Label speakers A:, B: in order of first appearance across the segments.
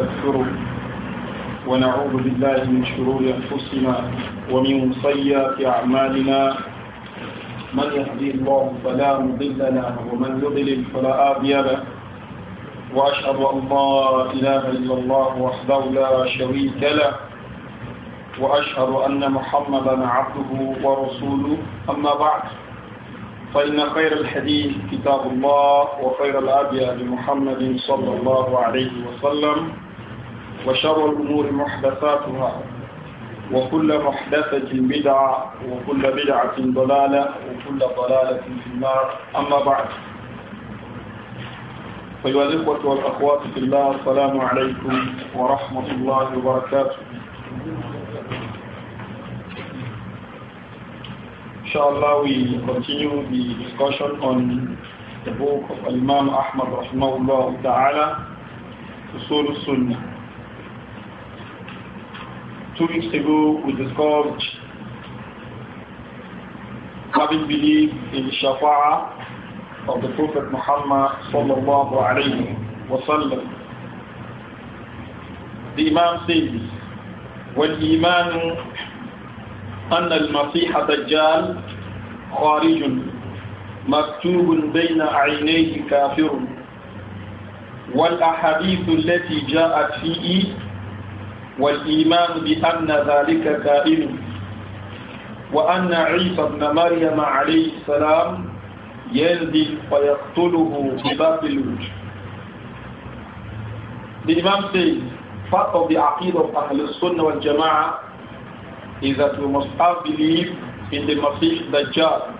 A: تكفروا ونعوذ بالله من شرور أنفسنا ومن سيئات أعمالنا من يهدي الله فلا مضل له ومن يضلل فلا هادي له وأشهد أن لا إله إلا الله وحده لا شريك له وأشهد أن محمدا عبده ورسوله أما بعد فإن خير الحديث كتاب الله وخير الهدي محمد صلى الله عليه وسلم وشر الأمور محدثاتها وكل محدثة بدعة وكل بدعة ضلالة وكل ضلالة في النار أما بعد فأيها الإخوة والأخوات في الله السلام عليكم ورحمة الله وبركاته Inshallah, we continue the discussion on the book of Imam Ahmad Rahimahullah Ta'ala, Usul Sunnah. Two weeks ago, we discussed having believed in Shafa'ah of the Prophet Muhammad sallallahu alayhi wa sallam. The Imam says, والإيمان أن المسيح دجال خارج مكتوب بين عينيه كافر والأحاديث التي جاءت فيه والإيمان بأن ذلك كائن وأن عيسى بن مريم عليه السلام ينزل ويقتله في The Imam says, part of the أهل of والجماعة Sunnah في مصحف is that we must have belief in the Masih Dajjal.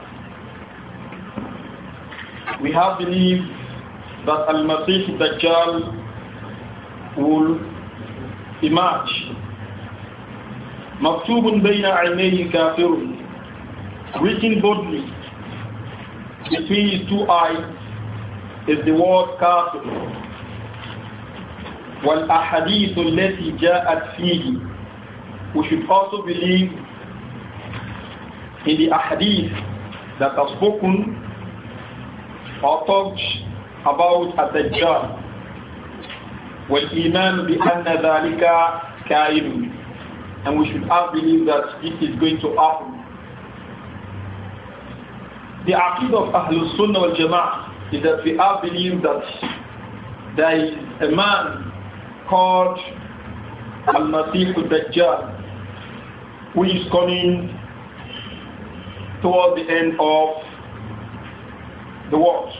A: We have belief that Al-Masih Dajjal will emerge. مكتوب بين aynayhi kafirun. Written boldly between his two eyes is the word kafir. والأحاديث التي جاءت فيه we should also believe in the ahadith that are spoken or talked about at the Dajjal والإيمان بأن ذلك كائن and we should have believe that this is going to happen. The aqid of Ahlul Sunnah wal Jama'ah is that we have believed that there is a man called Al-Masih al-Dajjal who is coming towards the end of the world.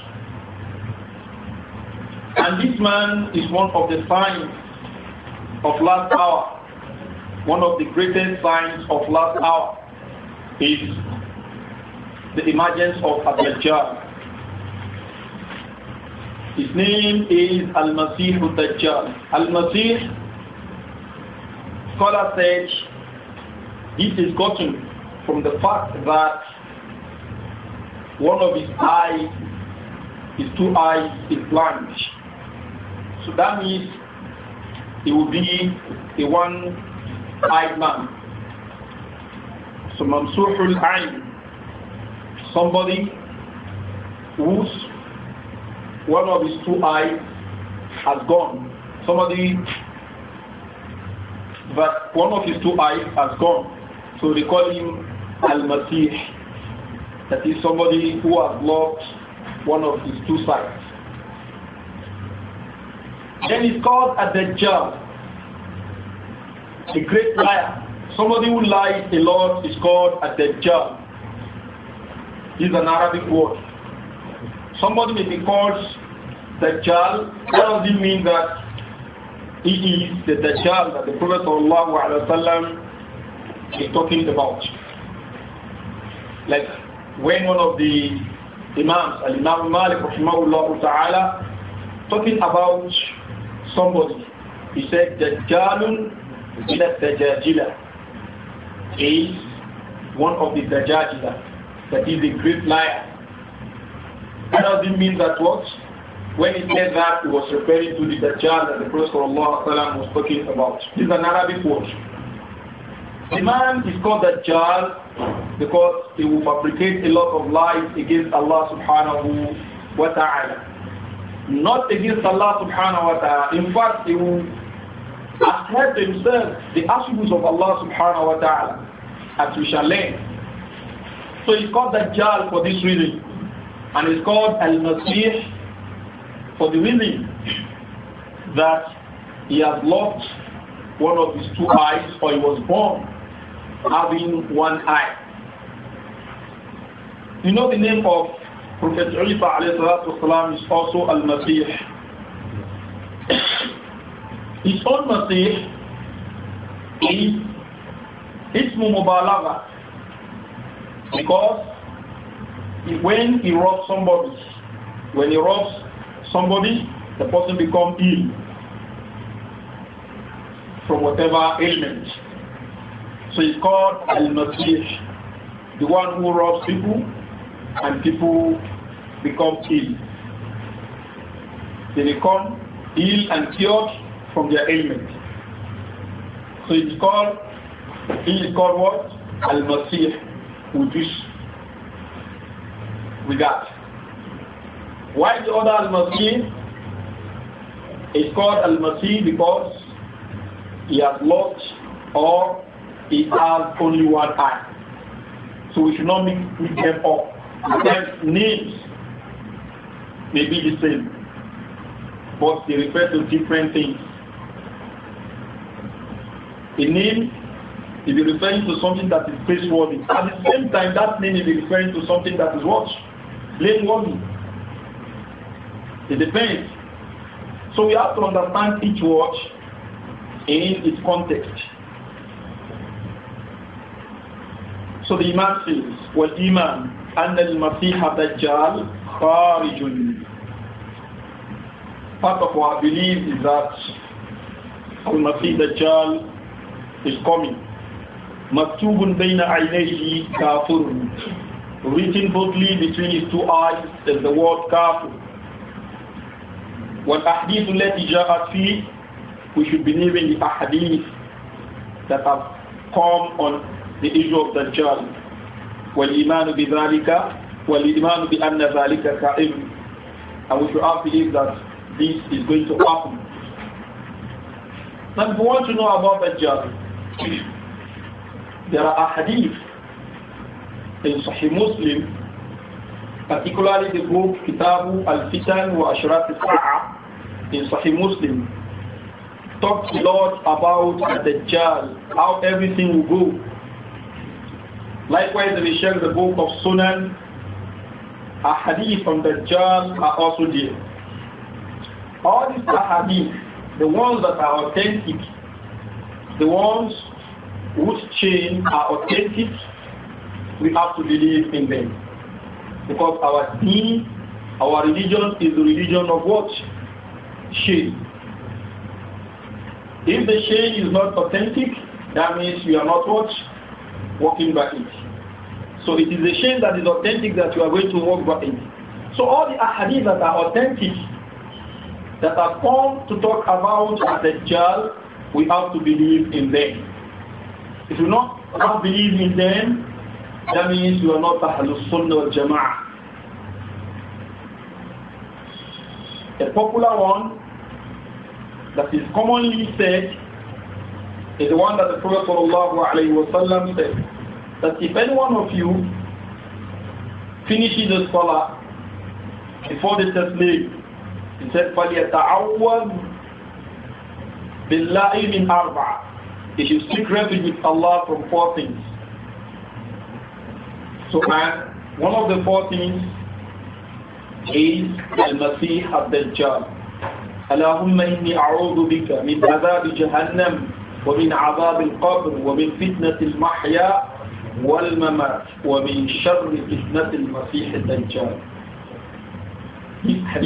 A: And this man is one of the signs of last hour. One of the greatest signs of last hour is the emergence of Abdajjal. His name is Al-Masih Dajjal. Al-Masih, scholar said, this is gotten from the fact that one of his eyes, his two eyes, is blind. So that means he will be a one-eyed man. So mamsuhul ayn, somebody whose one of his two eyes has gone. Somebody that one of his two eyes has gone. So they call him al-masih. That is somebody who has lost one of his two sides. Then he's called a Dajjal, a great liar. Somebody who lies a lot is called a Dajjal. This is an Arabic word. Somebody may be called Dajjal. That doesn't mean that he is the Dajjal that the Prophet ﷺ is talking about. Like when one of the Imams, Al Imam Malik, talking about somebody. He said, Dajjalun ila Dajjajila is one of the Dajjal that is a great liar. That doesn't mean that what? When he said that, he was referring to the Dajjal that the Prophet was talking about. This is an Arabic word. The man is called Dajjal because he will fabricate a lot of lies against Allah subhanahu wa ta'ala not against Allah subhanahu wa ta'ala. In fact, he will ascribe to himself the attributes of Allah subhanahu wa ta'ala, as we shall learn. So he's called Jal for this reason, and he's called al Nasir for the reason that he has lost one of his two eyes, or he was born having one eye. You know the name of Prophet Isa والسلام, is also Al-Masih. His own Masih is Ismu Mubalagha because when he robs somebody, when he robs somebody, the person becomes ill from whatever ailment. So he's called Al-Masih, the one who robs people and people become ill. They become ill and cured from their ailment. So it's called, it is called what? Al-Masih, with this, with that. Why the other Al-Masih is called Al-Masih? Because he has lost or he has only one eye. So we should not mix them up. Their names may be the same, but they refer to different things. A name may be referring to something that is praiseworthy. At the same time, that name may be referring to something that is what? Blameworthy. It depends. So we have to understand each word in its context. So the Imam says, well, Imam, أن المسيح الدجال خارج Part of our belief is that Al-Masih Dajjal is coming. Maktubun bayna aynayhi kafir. Written boldly between his two eyes is the word kafir. والأحاديث التي جاءت فيه we should believe in the ahadith that have come on the issue of the Dajjal. وَالْإِيمَانُ بِذَلِكَ وَالْإِيمَانُ بِأَنَّ ذَلِكَ كَائِمٌ And we should all believe that this is going to happen. Now, if you want to know about Dajjal, there are hadith in Sahih Muslim, particularly the book Kitabu al-Fitan wa Ashrat al in Sahih Muslim, talks a lot about the Dajjal, how everything will go Likewise, if we check the book of Sunan, a hadith from the Dajjal are also there. All these ahadith, the ones that are authentic, the ones whose chain are authentic, we have to believe in them. Because our deen, our religion is the religion of what? Shade. If the shade is not authentic, that means we are not what? Walking by it. So it is a shame that is authentic that you are going to walk by it. So all the ahadith that are authentic, that are formed to talk about the child, we have to believe in them. If you not, not believe in them, that means you are not Ahlul Sunnah Jama'ah. A popular one that is commonly said is the one that the Prophet ﷺ said, that if any one of you finishes the scholar before the taslim, he said, فَلْيَتَعَوَّذْ بِاللَّهِ مِنْ أَرْبَعَ He should seek refuge with Allah from four things. So one of the four things is Al-Masih al-Dajjal. اللهم إني أعوذ بك من عذاب جهنم ومن عذاب القبر ومن فتنة المحيا والممات ومن شر فتنة المسيح الدجال we have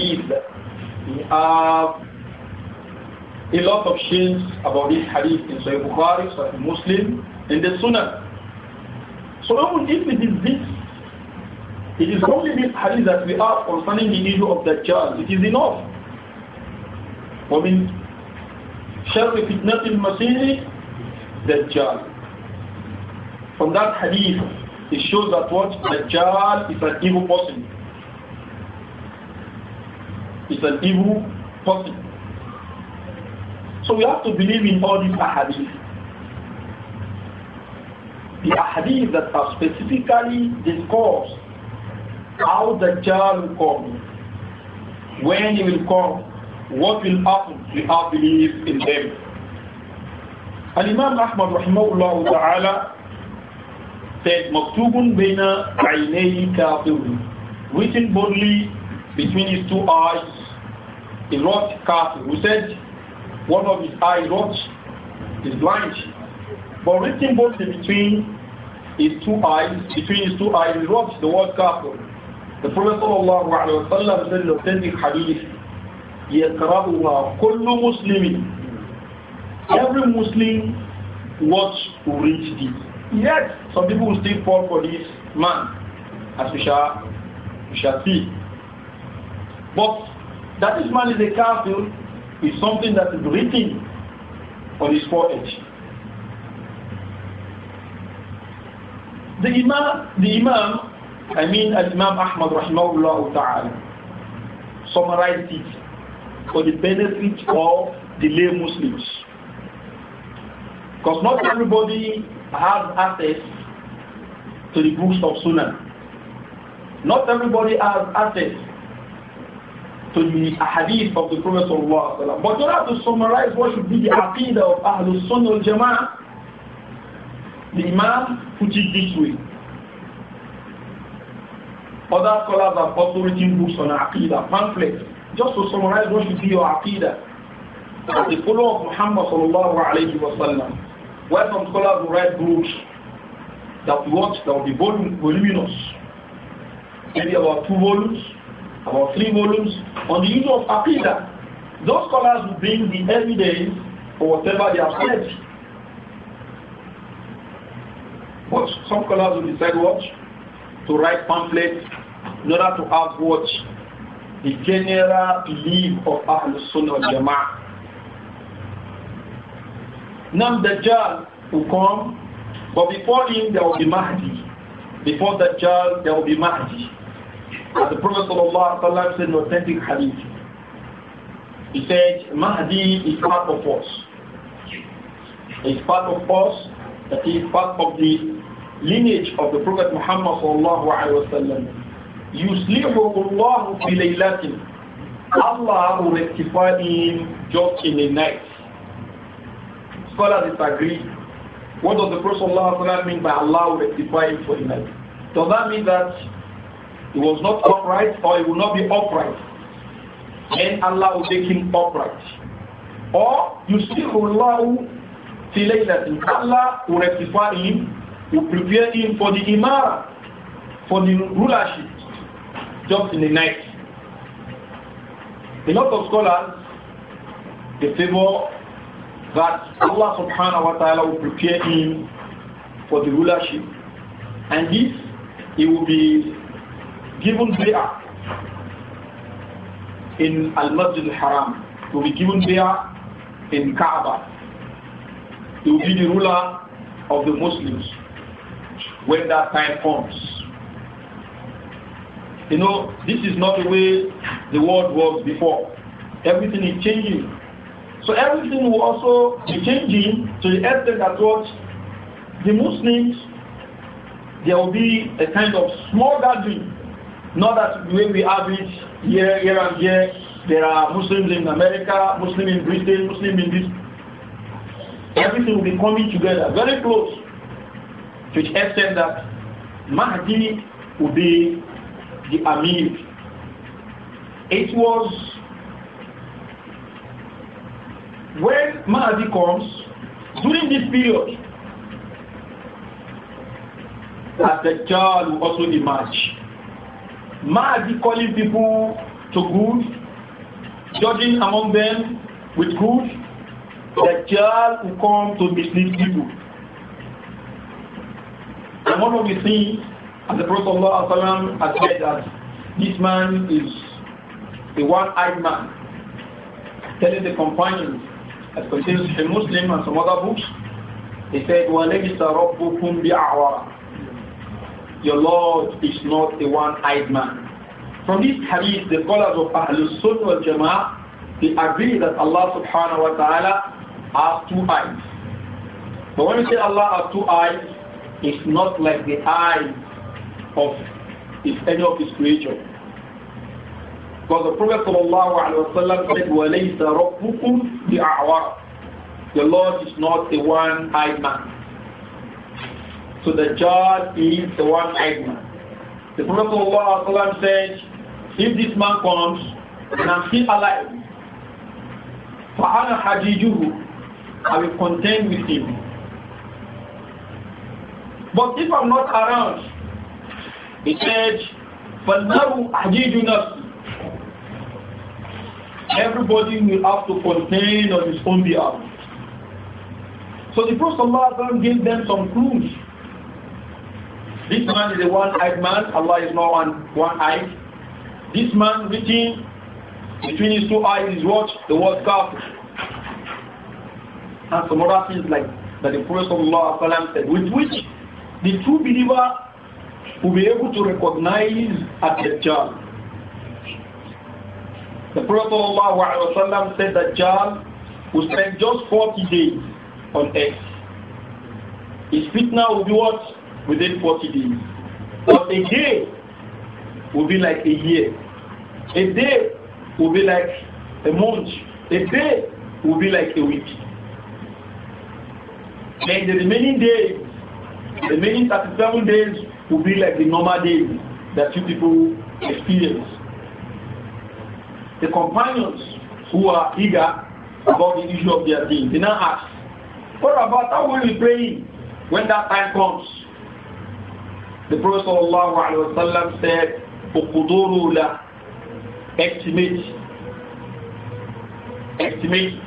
A: a lot of shins about this hadith in Sahih Bukhari, Sahih Muslim, and the Sunnah. So even if it is this, it is only this hadith that we have concerning the issue of child. It is enough. ومن شر masih the دجال from that hadith, it shows that what Dajjal is an evil person. It's an evil person. So we have to believe in all these ahadith. The ahadith that are specifically discussed how the Dajjal will come, when he will come, what will happen, we have belief in them. imam Ahmad الله تعالى said, Maktubun Baina Ainei Kafirun, written boldly between his two eyes, is not kafir. We said one of his eyes is blind. But written boldly between his two eyes, between his two eyes is what? The word kafir. The Prophet sallallahu Alaihi Wasallam said the authentic hadith, يقرأها kullu مسلم Every Muslim what reach this Yet, some people will still fall for this man, as we shall, we shall see. But that this man is a kafir is something that is written on his forehead. The Imam, the Imam, I mean Imam Ahmad rahimahullah ta'ala, summarized it for the benefit of the lay Muslims. Because not everybody have access to the books of Sunnah. Not everybody has access to the hadith of the Prophet Sallallahu But you have to summarize what should be the aqidah of Ahlul Sunnah al-Jama'ah, the Imam put it this way. Other scholars have also written books on aqidah, pamphlets, just to summarize what should be your aqidah. As the follower of Muhammad Sallallahu Alaihi Wasallam, why some scholars will write books that what that will be voluminous, maybe about two volumes, about three volumes on the issue of aqidah. Those scholars will bring the evidence for whatever they have said. But some scholars will decide what to write pamphlets in order to have what the general belief of Ahlul Sunnah Jama'ah now Dajjal will come, but before him there will be Mahdi. Before Dajjal there will be Mahdi. As the Prophet ﷺ said in authentic hadith, he said, Mahdi is part of us. It's part of us, that is part of the lineage of the Prophet Muhammad sallallahu alayhi wa sallam. يُسْلِحُهُ اللَّهُ Allah will rectify him just in the night. Scholars disagree. What does the Prophet mean by Allah will rectify him for himself? Does that mean that he was not upright or he will not be upright? And Allah will make him upright. Or you see Allah filaylatin. Allah will rectify him, will prepare him for the Imam, for the rulership, just in the night. A lot of scholars they favor that Allah subhanahu wa ta'ala will prepare him for the rulership. And this, he will be given there in Al-Masjid al-Haram. He will be given there in Kaaba. He will be the ruler of the Muslims when that time comes. You know, this is not the way the world was before. Everything is changing. So everything will also be changing to the extent that what the Muslims, there will be a kind of small gathering. Not that the way we have it here, here and here, there are Muslims in America, Muslim in Britain, Muslim in this. Everything will be coming together very close to the extent that Mahdi will be the Amir. It was when Mahdi comes, during this period, that the child will also emerge. Mahdi calling people to good, judging among them with good, the child will come to mislead people. And one of the things, as the Prophet Allah has said that this man is a one-eyed man, telling the companions as contains in Muslim and some other books, he said, وَلَبِسَ رَبُّكُمْ بِأَعْوَرَ Your Lord is not a one-eyed man. From this hadith, the scholars of Ahlul Sunnah wal Jama'ah, they agree that Allah subhanahu wa ta'ala has two eyes. But when we say Allah has two eyes, it's not like the eyes of any of his creatures. Because the Prophet ﷺ said, وَلَيْسَ رَبُّكُمْ بِأَعْوَرَ The Lord is not the one-eyed man. So the judge is the one-eyed man. The Prophet ﷺ said, if this man comes and I'm still alive, فَأَنَا حَجِيجُهُ I will contend with him. But if I'm not around, he said, فَالْمَرُ حَجِيجُ نَفْسِ Everybody will have to contain on his own behalf. So the Prophet ﷺ gave them some clues. This man is a one-eyed man. Allah is not one, one-eyed. This man reaching between his two eyes is what? The word kafir. And some other things like that the Prophet ﷺ said, with which the true believer will be able to recognize at the job. The Prophet ﷺ said that John, will spend just 40 days on earth. His fitna will be what? Within 40 days. But a day will be like a year. A day will be like a month. A day will be like a week. Then the remaining days, the remaining 37 days will be like the normal days that you people experience the companions who are eager about the issue of their deeds, They now ask, what about how will we pray when that time comes? The Prophet ﷺ said, Ukuduru la, estimate, estimate.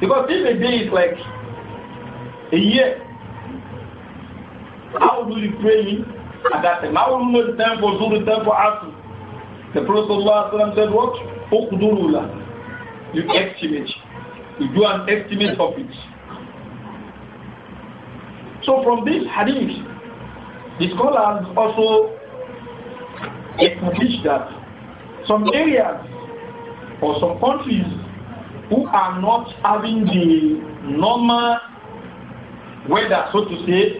A: Because this a day is like a year. How do you pray at that time? How will you know the time for Zuhr, the time for Asr? The Prophet ﷺ said, what? You estimate. You do an estimate of it. So from this hadith, the scholars also establish that some areas or some countries who are not having the normal weather, so to say,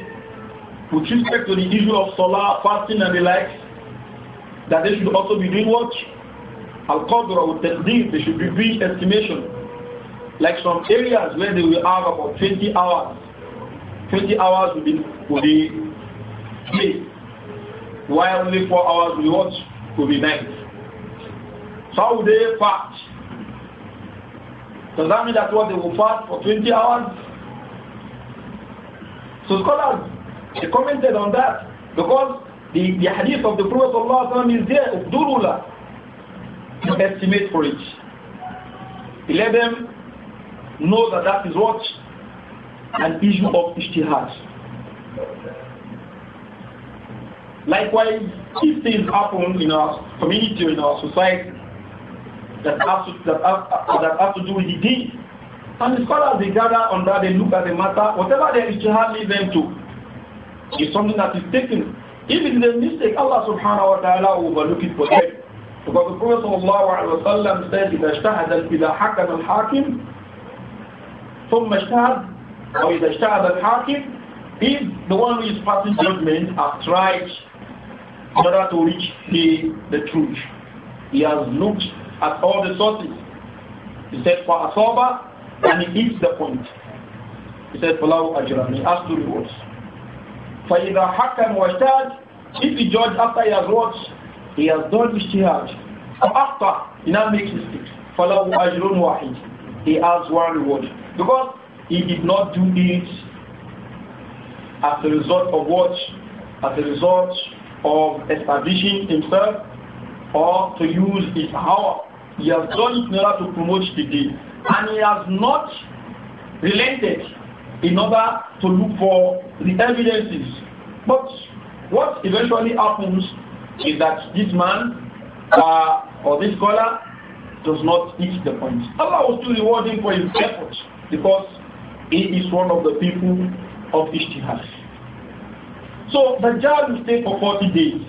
A: with respect to the issue of solar fasting and the like, that they should also be doing what? Al-Qadr or Taqdeer, they should be brief estimation Like some areas where they will have about 20 hours. 20 hours will be, will be day, while only 4 hours will be watch, will be night. So how will they fast? Does that mean that what they will fast for 20 hours? So scholars they commented on that because the, the hadith of the Prophet is there, Du'ula an estimate for it. He let them know that that is what? An issue of ishtihad. Likewise, if things happen in our community or in our society that have to, that have, that have to do with the deed, and the scholars they gather on that, they look at the matter, whatever their ishtihad leads them to, is something that is taken. If it is a mistake, Allah subhanahu wa ta'ala will overlook it for them. Because the Prophet ﷺ said, إِذَا اجْتَهَدَ إِذَا حَكَمَ الْحَاكِمُ ثُمَّ اجْتَهَدَ or إِذَا اجْتَهَدَ الْحَاكِمُ If the one who is passing judgment has tried in order to reach the, the truth, he has looked at all the sources. He said, for Asoba, and he hits the point. He said, Falau Ajran, he has two rewards. فَإِذَا حَكَمْ judged, If he judge after he has watched, he has done his ijtihad. After, he now makes mistakes. فَلَهُ أَجْرٌ wahid. He has one reward. Because he did not do it as a result of what? As a result of establishing himself or to use his power. He has done it in order to promote the deed. And he has not relented in order to look for the evidences. But what eventually happens is that this man uh, or this scholar does not reach the point. Allah will still reward him for his efforts because he is one of the people of Ishtihad. So the jar will stay for 40 days.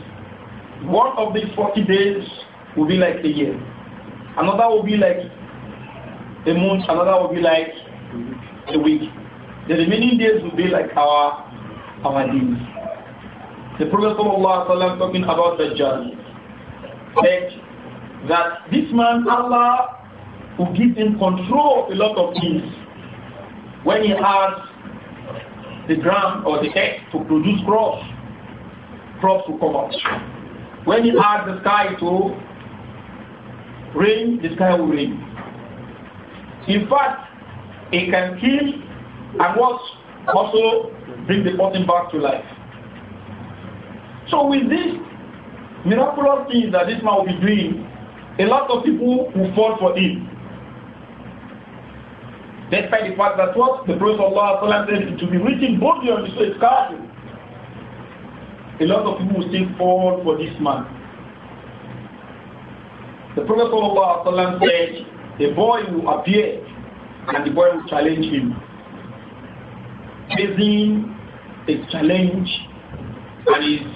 A: One of these 40 days will be like a year. Another will be like a month. Another will be like a week. The remaining days will be like our our days. The Prophet ﷺ talking about Dajjal said that this man, Allah, will give him control of a lot of things when he has the ground or the earth to produce crops, crops will come out. When he has the sky to rain, the sky will rain. In fact, it can kill and what also bring the person back to life. So with this miraculous thing that this man will be doing, a lot of people will fall for him. Despite the fact that what the Prophet Allah said to be written boldly on the soul card, a lot of people will still fall for this man. The Prophet Allah said, a boy will appear and the boy will challenge him. Facing a challenge and is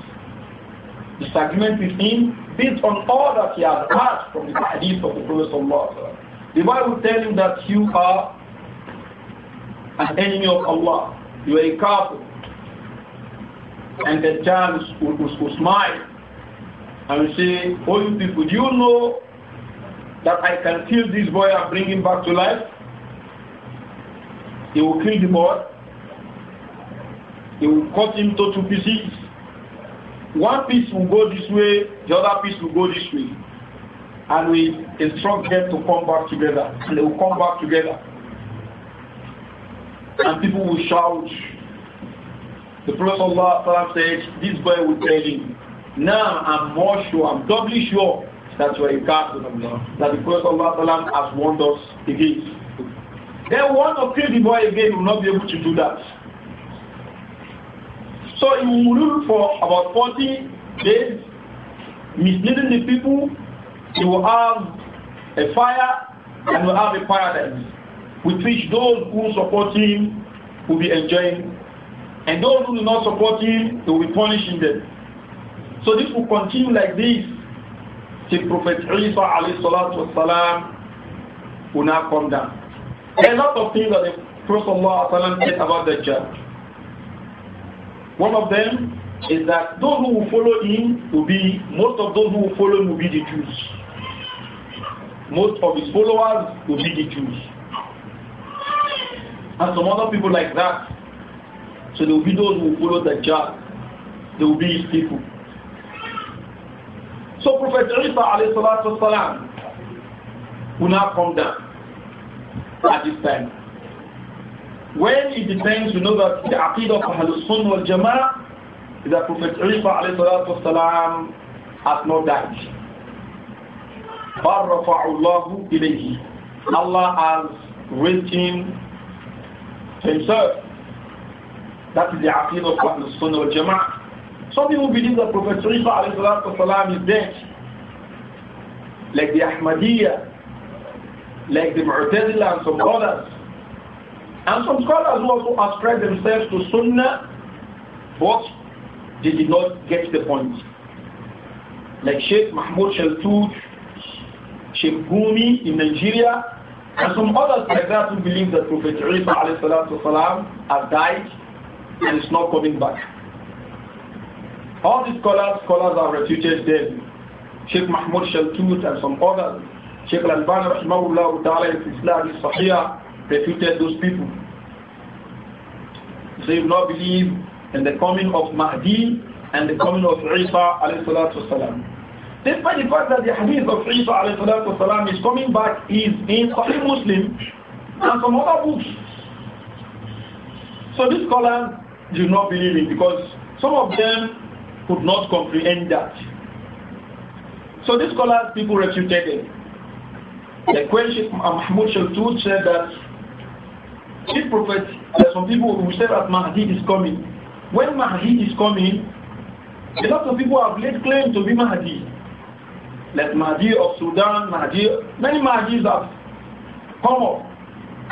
A: disagreement with him based on all that he has heard from the hadith of the Prophet Allah. The Bible tells him that you are an enemy of Allah. You are a kafir. And the child will, will, will smile and will say, Oh, you people, do you know that I can kill this boy and bring him back to life? He will kill the boy. He will cut him to two pieces one piece will go this way, the other piece will go this way. And we instruct them to come back together. And they will come back together. And people will shout. The Prophet Allah said, This boy will tell him, Now I'm more sure, I'm doubly sure that you are a God that the Prophet Allah has warned us against. Then one of the boy again will not be able to do that. So he will rule for about 40 days, misleading the people. He will have a fire and will have a paradise, with which those who support him will be enjoying. And those who do not support him, will be punishing them. So this will continue like this till Prophet Isa alayhi salatu wasalam will now come down. There are a lot of things that the Prophet said about the judge. One of them is that those who will follow him will be, most of those who will follow him will be the Jews. Most of his followers will be the Jews. And some other people like that. So there will be those who will follow the Jah. They will be his people. So Prophet Isa alayhi salatu wasalam will now come down at this time. When it depends, we know that the aqidah of Ahlul wal Jama'ah is that Prophet Isa والسلام, has not died. Barrafa'ullahu ilayhi. Allah has raised him himself. That is the aqidah of Ahlul Sunnah wal Jama'ah. Some people believe that Prophet Isa والسلام, is dead. Like the Ahmadiyya, like the Mu'tazila and some others. And some scholars who also ascribe themselves to Sunnah, but they did not get the point. Like Sheikh Mahmoud Sheltud, Sheikh Gumi in Nigeria, and some others like that who believe that Prophet Isa والسلام, has died and is not coming back. All these scholars, scholars are refuted dead. Sheikh Mahmoud Sheltud and some others. Sheikh Al-Albani, Rahimahullah, Ta'ala, Islam, refuted those people. So you do not believe in the coming of Mahdi and the coming of Isa alayhi salatu wasalam. Despite the fact that the hadith of Isa alayhi is coming back is in Sahih Muslim and some other books. So these scholars do not believe it because some of them could not comprehend that. So these scholars, people refuted it. The question Mahmoud Shaltut said that if prophet, uh, some people will say that Mahdi is coming. When Mahdi is coming, a lot of people have laid claim to be Mahdi. Like Mahdi of Sudan, Mahdi, many Mahdis have come up,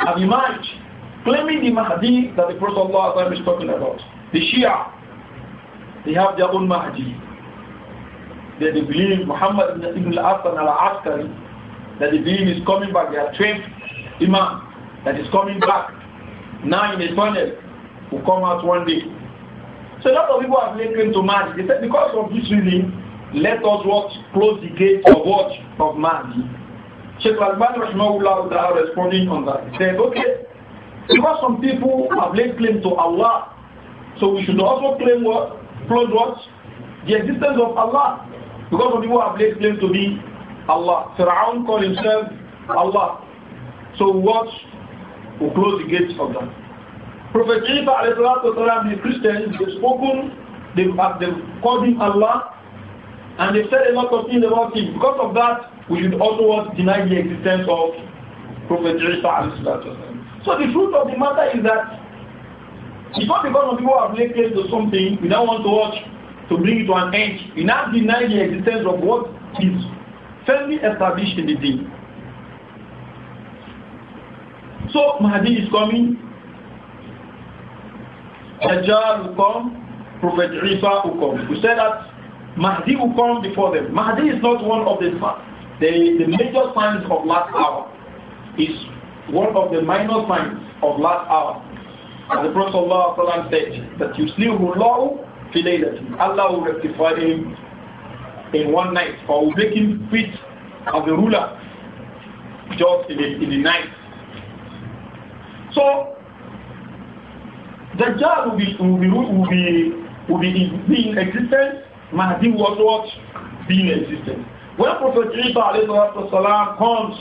A: have emerged, claiming the Mahdi that the Prophet Allah is talking about. The Shia, they have their own Mahdi. That they believe Muhammad ibn al-Aslan al-Askari, that the believe is coming back, their trained Imam, that is coming back now in the tunnel will come out one day. So a lot of people have linked to man. They said because of this reason, let us watch close the gate of what of man. Sheikh Al-Ban Rahimahullah responding on that. He said, okay, because some people have laid claim to Allah, so we should also claim what? Close what? The existence of Allah. Because some people have laid claim to be Allah. Fir'aun called himself Allah. So watch will close the gates of them. Prophet Isa والسلام, the Christians, they've spoken, they've, they've called him Allah, and they've said a lot of things about him. Because of that, we should also deny the existence of Prophet Isa. والسلام. So the truth of the matter is that it's not because of people have laid claim to something, we now want to watch to bring it to an end. We now deny the existence of what is firmly established in the deen. So Mahdi is coming. Dajjal will come. Prophet Isa will come. We said that Mahdi will come before them. Mahdi is not one of the, the, the major signs of last hour. Is one of the minor signs of last hour. And the Prophet ﷺ said, that you sleep will law Allah will rectify him in one night or will make him fit as a ruler just in the, in the night. So the job will be will be will be will be being existent, Mahdi was not being existent. When Prophet Isa comes,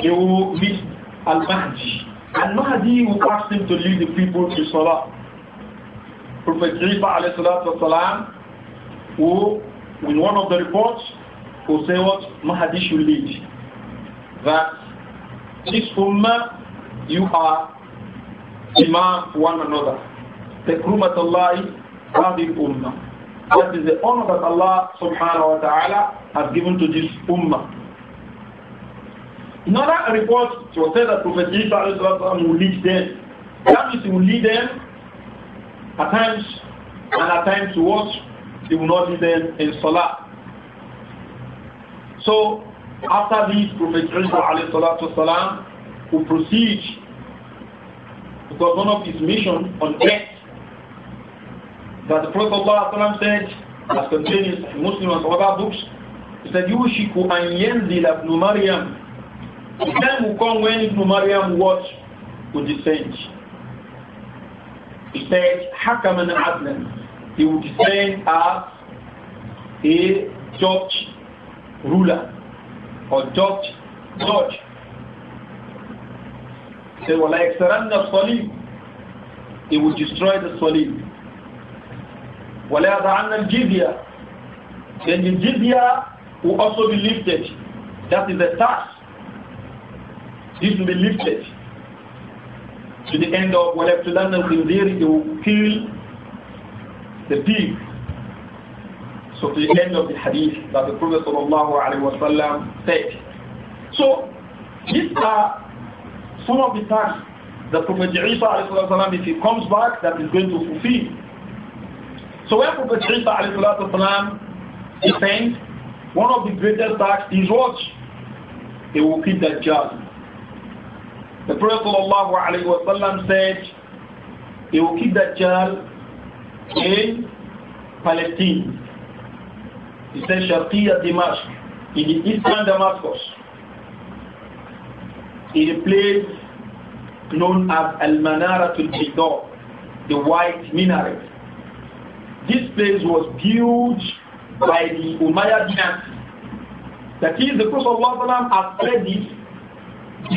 A: he will meet Al Mahdi. Al Mahdi will ask him to lead the people to Salah. Prophet Isa who in one of the reports will say what Mahdi should lead. That this ummah, you are imam to one another. The Takrumat Allah Hadil Ummah. That is the honor that Allah subhanahu wa ta'ala has given to this ummah. In other reports, it was said that Prophet Isa will lead them. That means he will lead them at times and at times to what? He will not lead them in Salah. So after this, Prophet Isa who proceed because one of his mission on earth that the Prophet Allah said, as contained in Muslim and other books, he said, Yushiku an yenzil ibn Maryam. The time will come when Ibn Maryam what? Will descend. He said, an Adnan. He will descend as a judge ruler or judge. Judge. They will like Saranna Salim. It will destroy the Salim. وَلَا يَضَعَنَّ الْجِزْيَةِ Then the jizya will also be lifted. That is the task. This will be lifted to the end of to يَبْتُلَنَّ الْخِنْزِيرِ It will kill the pig. So to the end of the hadith that the Prophet ﷺ said. So these are some of the tasks that Prophet Isa ﷺ, if he comes back, that is going to fulfill. So when Prophet Isa ﷺ is one of the greatest tasks is what? He will keep that job. The Prophet ﷺ said, he will keep that job in Palestine. He said Dimash in the eastern Damascus, in a place known as Al Manara to Bayda, the White Minaret. This place was built by the Umayyad dynasty. That is, the Prophet has said this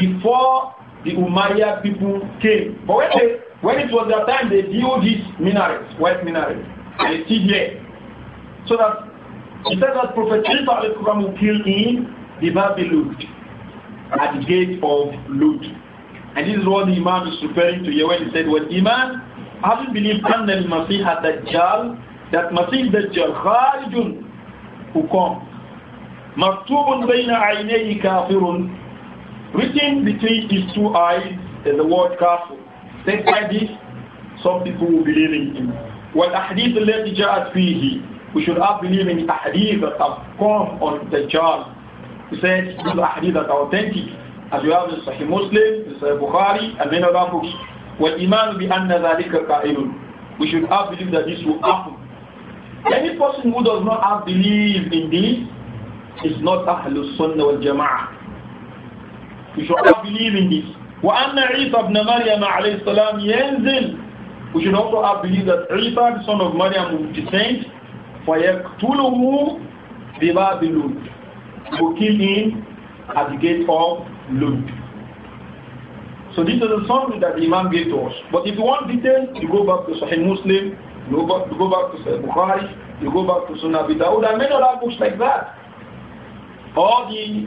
A: before the Umayyad people came. But when, they, when it was their time, they built this minaret, white minaret, and it's still here. So that he said that Prophet Isa will kill him بِبَابِ لُوتِ at the gate of Lut. And this is what the Imam is referring to here when he said, When Imam, having believed أن المسيح الدجال, that Masih that خارج who come. مكتوب بين عينيه كافر written between his two eyes is the word kafir. by this, some people will believe in him. والأحاديث التي جاءت فيه we should not believe in the hadith that have come on the Dajjal. He said, these hadith that are authentic, as you have in Sahih Muslim, in Sahih Bukhari, and many other books. وَالْإِمَانُ بِأَنَّ ذَلِكَ كَائِلٌ We should not believe that this will happen. Any person who does not have belief in this is not Ahlul Sunnah wal Jama'ah. We should not believe in this. Wa وأن عيسى ibn Maryam عليه salam yanzil. We should also have believed that Isa, the son of Maryam, will descend فَيَقْتُلُهُ بِبَابِ Lud. Will kill him at the gate of Lud. So this is the summary that the Imam gave to us. But if you want details, you go back to Sahih Muslim, you go back, to Sahih Bukhari, you go back to Sunnah Abi There and many other books like that. All the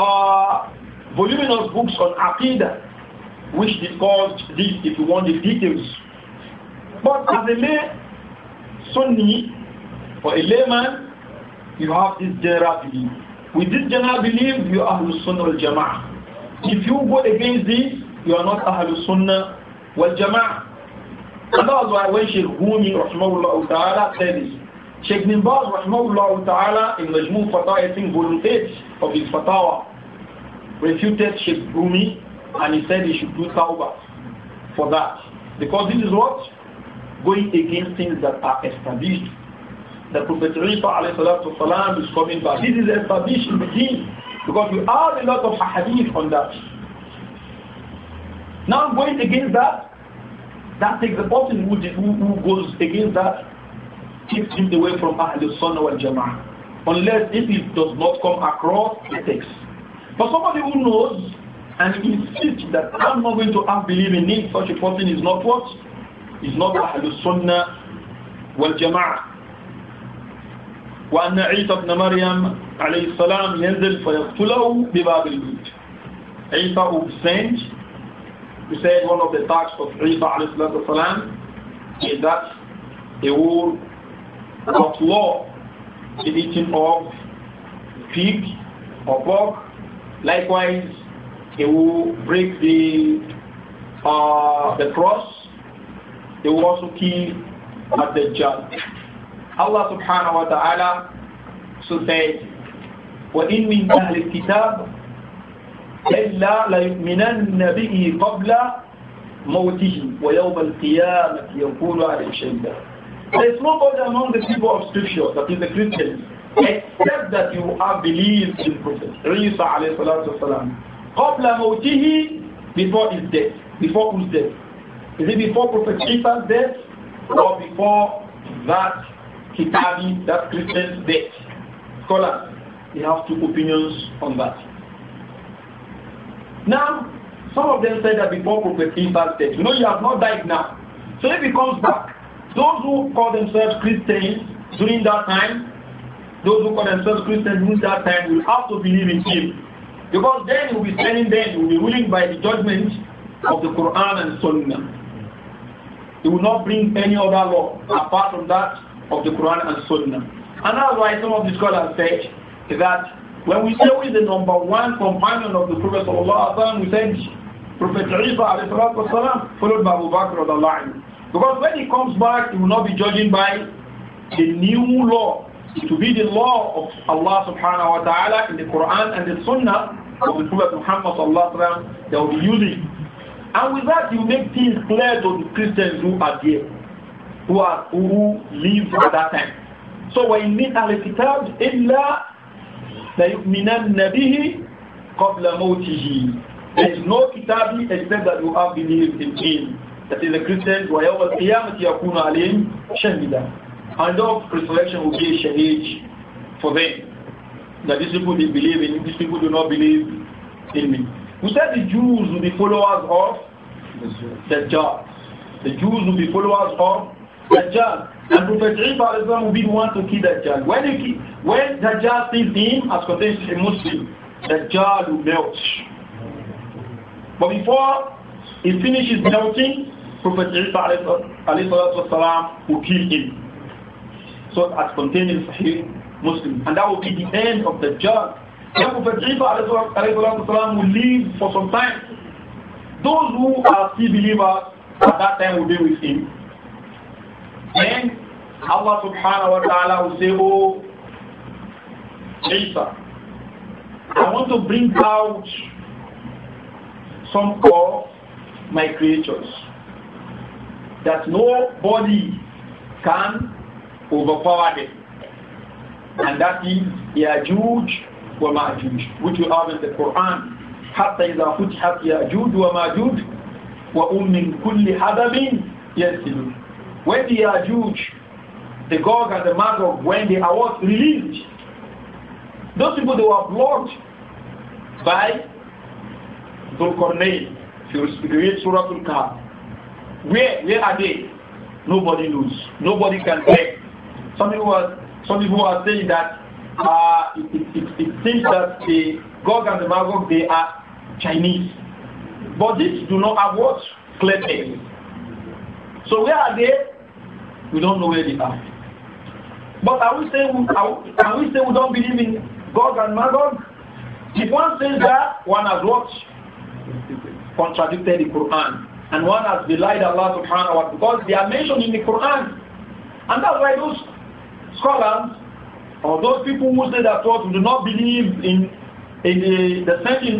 A: uh, voluminous books on Aqidah, which discuss this if you want the details. But as a lay Sunni, for a layman, you have this general belief. With this general belief, you are Ahlul Sunnah wal Jama'ah. If you go against this, you are not Ahlul Sunnah wal Jama'ah. And that's why when Sheikh Humi rahmahullah ta'ala said this, Sheikh Nimbaz rahmahullah ta'ala in Majmu Fatah, I think volume 8 of his fatwa, refuted Sheikh Humi and he said he should do tawbah for that. Because this is what? Going against things that are established the Prophet Isa is coming back. This is established in the deen because we have a lot of hadith on that. Now going against that, that takes the person who, who, who goes against that, takes him away from Ahlul Sunnah wal Jama'ah. Unless if it does not come across the text. But somebody who knows and insists that I'm not going to have believing in it, such a person is not what? Is not Ahlul Sunnah wal Jama'ah. وأن عيسى ابن مريم عليه السلام ينزل فيقتله بباب البيت عيسى who sent we said one of the tasks of Isa عليه الصلاة is that he will outlaw the eating of pig or pork likewise he will break the uh, the cross he will also kill at the judge Allah subhanahu wa ta'ala so said, وَإِن مِّنْ أَهْلِ الْكِتَابِ إِلَّا لَيُؤْمِنَنَّ بِهِ قَبْلَ مَوْتِهِ وَيَوْمَ الْقِيَامَةِ يُقُول عَلَيْهِ شَهِدًا There is nobody among the people of scripture, that is the Christians, except that you have believed in Prophet Isa alayhi salatu wasalam. قَبْلَ مَوْتِهِ Before his death. Before whose death? Is it before Prophet Isa's death or before that Kitabi, that Christian date. Scholars, they have two opinions on that. Now, some of them said that before Prophet Isa said, you know, you have not died now. So if he comes back, those who call themselves Christians during that time, those who call themselves Christians during that time will have to believe in him. Because then he will be standing there, he will be ruling by the judgment of the Quran and Sunnah. He will not bring any other law apart from that of the Quran and Sunnah. And that's why some of the scholars said that when we say who is the number one companion of the Prophet وسلم, we said Prophet Isa والسلام, followed by Abu Bakr Because when he comes back, he will not be judging by the new law. It will be the law of Allah subhanahu wa ta'ala in the Quran and the Sunnah of the Prophet Muhammad sallallahu alaihi wasallam. they will be using. And with that, you make things clear to the Christians who are there who, are, who live at that time. So when they أَهْلِ الْكِتَابِ إِلَّا لَيُؤْمِنَنَّ بِهِ قَبْلَ مَوْتِهِ There is no kitabi except that you have believed in him. That is the Christians, وَيَوْمَ الْقِيَامَةِ يَكُونَ عَلَيْهِمْ that. And of resurrection will be a shaheed for them. That these people they believe in, these people do not believe in me. We said the Jews will be followers of the Dajjal. The Jews will be followers of Dajjal. And Prophet Ibrahim, will be the one to kill Dajjal. When, he, when Dajjal sees him as contains a Muslim, Dajjal will melt. But before he finishes melting, Prophet Isa will kill him. So as contained in Sahih Muslim. And that will be the end of Dajjal. Then Prophet Isa will live for some time. Those who are still believers at that time will be with him. Then Allah subhanahu wa ta'ala will say, Oh, Isa, I want to bring out some of my creatures that nobody can overpower them. And that is Yajuj wa Majuj, which we have in the Quran. حتى إذا فتحت Juz وماجوج وأم من كل حدب ينسلون when the Yajuj, the Gog and the Magog, when they are what released, those people they were blocked by Dulcornain. If you read Surah Al-Kahf, where where are they? Nobody knows. Nobody can tell. Some people are some people are saying that uh, it, it, it, it seems that the Gog and the Magog they are Chinese, but these do not have what clear So where are they? we don't know where they are. But are we saying we, are, are we saying we don't believe in God and Magog? If one says that, one has what? Contradicted the Quran. And one has belied Allah subhanahu wa ta'ala because they are mentioned in the Quran. And that's why those scholars or those people who say that what we do not believe in in the, the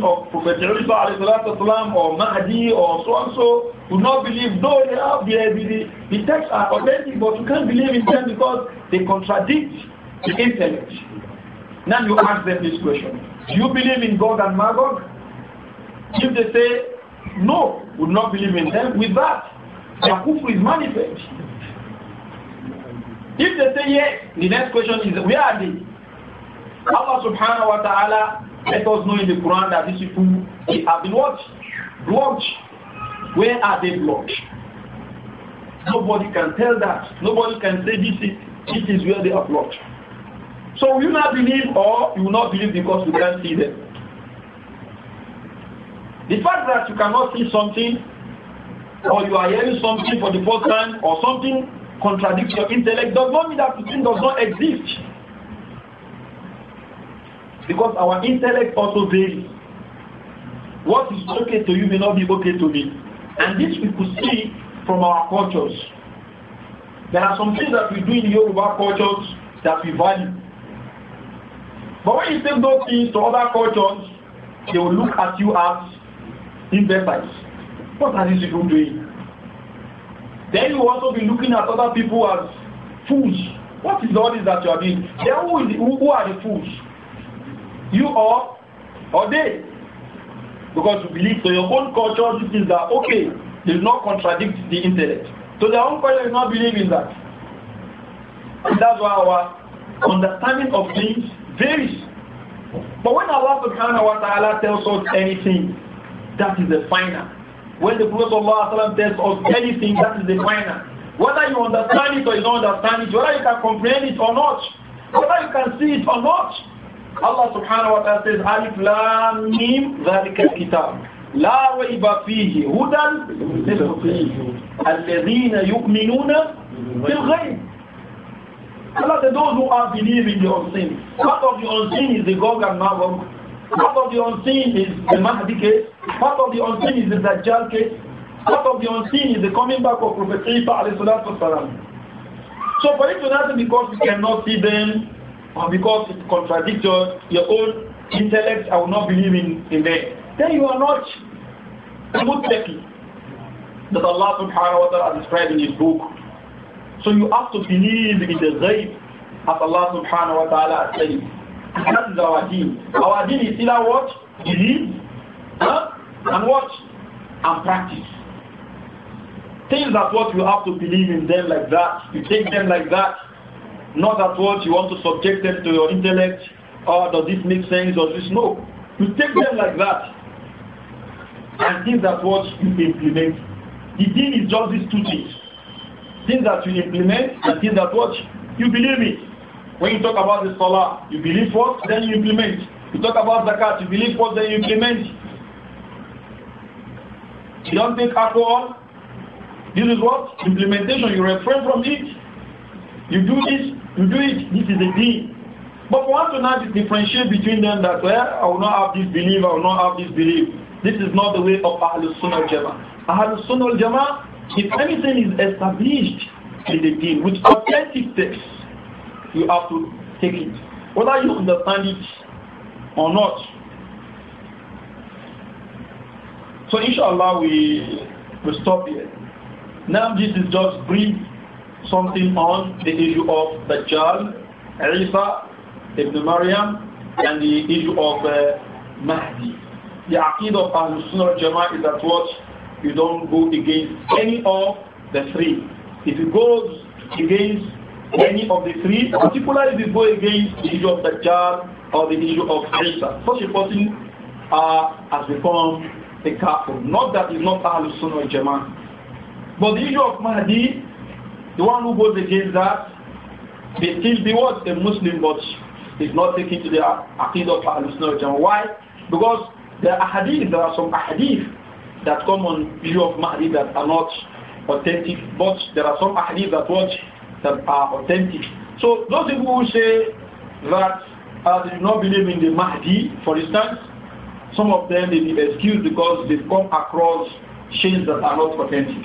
A: of Prophet Isa or Mahdi or so and so would not believe, though they have the, the, the texts are authentic, but you can't believe in them because they contradict the intellect. Now you ask them this question Do you believe in God and Magog? If they say no, would not believe in them, with that, their kufr is manifest. If they say yes, the next question is where are they? Allah subhanahu wa ta'ala let us know in the Quran that these people have been what? Blocked. Where are they blocked? Nobody can tell that. Nobody can say this is, this is where they are blocked. So will you not believe or you will not believe because you can't see them? The fact that you cannot see something or you are hearing something for the first time or something contradicts your intellect does not mean that the thing does not exist. Because our intellect also varies. What is okay to you may not be okay to me. And this we could see from our cultures. There are some things that we do in Yoruba cultures that we value. But when you take those things to other cultures, they will look at you as imbeciles. What are these people doing? Then you will also be looking at other people as fools. What is all this that you are doing? Then who, is, the, who are the fools? you or or they. Because you believe so your own culture this is that okay, they do not contradict the intellect. So their own culture is not believing that. And that's why our understanding of things varies. But when Allah subhanahu wa ta'ala tells us anything, that is the final. When the Prophet Allah tells us anything, that is the final. Whether you understand it or you don't understand it, whether you can comprehend it or not, whether you can see it or not, Allah subhanahu wa ta'ala says, Alif Lam Mim ذَلِكَ الْكِتَابِ لَا رَيْبَ فِيهِ هُدًى لِلْمُتَّقِينَ الَّذِينَ يُؤْمِنُونَ بِالْغَيْبِ Allah said, those who are believing the unseen. Part of the unseen is the Gog and Magog. Part of the unseen is the Mahdi case. Part of the unseen is the Dajjal case. Part of the unseen is the coming back of Prophet Isa alayhi salatu wasalam. So for it to happen because we cannot see them, or because it contradicts your, your own intellect, I will not believe in, in Then you are not a muttaqi that Allah subhanahu wa ta'ala described in his book. So you have to believe in the ghaib as Allah subhanahu wa ta'ala has said. That is our deen. Our deen is either what? Believe huh? and what? And practice. Things that what you have to believe in them like that. You take them like that. Not at what you want to subject them to your intellect, or oh, does this make sense, or this no. You take them like that, and things that what you implement. The thing is just these two things. Things that you implement and things that what you believe it. When you talk about the solar, you believe what, then you implement. You talk about the car, you believe what, then you implement. You don't take alcohol. This is what? Implementation. You refrain from it. You do this, you do it, this is a deed. But we want to now differentiate between them that, well, I will not have this belief, I will not have this belief. This is not the way of Ahlul Sunnah Jama'ah. Ahlul Sunnah Jama'ah, if anything is established in the deen with authentic text, you have to take it. Whether you understand it or not. So inshallah we we stop here. Now this is just brief something on the issue of Dajjal, Isa, Ibn Maryam, and the issue of uh, Mahdi. The Aqid of al Sunnah Jama'ah is that what you don't go against any of the three. If it goes against any of the three, particularly if it goes against the issue of Dajjal or the issue of Isa, such a person uh, has become a kafir. Not that he's not al Sunnah Jama'ah. But the issue of Mahdi the one who goes against that may still be what? A Muslim, but is not taken to the Aqidah of al And Why? Because there are there are some Ahadith that come on view of Mahdi that are not authentic, but there are some Ahadith that what that are authentic. So those people who say that uh, they do not believe in the Mahdi, for instance, some of them may be excused because they come across chains that are not authentic.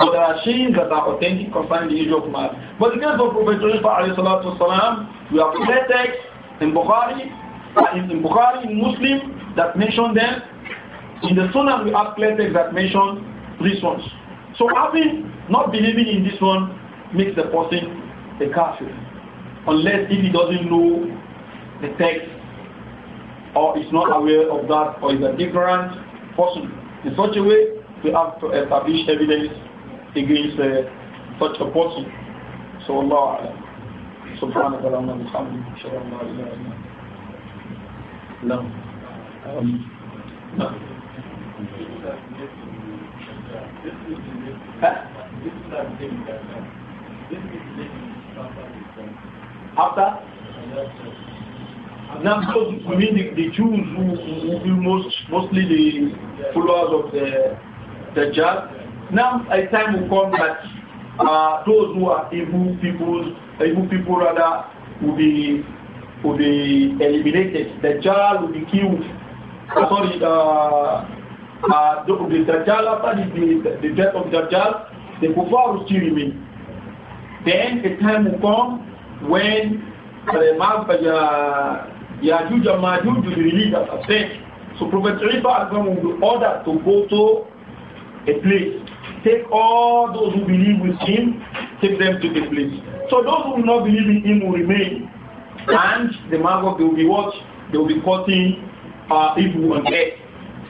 A: So there are things that are authentic concerning the issue of marriage. But in the case of Prophet Joshua, we have clear texts in Bukhari, in Bukhari, in Muslim, that mention them. In the Sunnah, we have clear texts that mention these ones. So having not believing in this one makes the person a kafir, unless if he doesn't know the text or is not aware of that or is a different person. In such a way, we have to establish evidence against uh, such a person. So Allah subhanahu wa ta'ala bihamdihi No. Um, no. After? Now, because we mean the, the Jews who who be most, mostly the followers of the, the Jad, now a time will come that uh, those who are evil people, evil people rather, will be will be eliminated. The Dajjal will be killed. Uh, sorry, uh, uh, the, the Dajjal after the, the, the death of Dajjal, the Kufar will still remain. Then a time will come when the uh, uh, Yajuj and uh, Majuj will be released as a saint. So Prophet Isa will be ordered to go to a place take all those who believe with him, take them to the place. So those who do not believe in him will remain. And the Magog, they will be what? They will be cutting uh, evil on earth.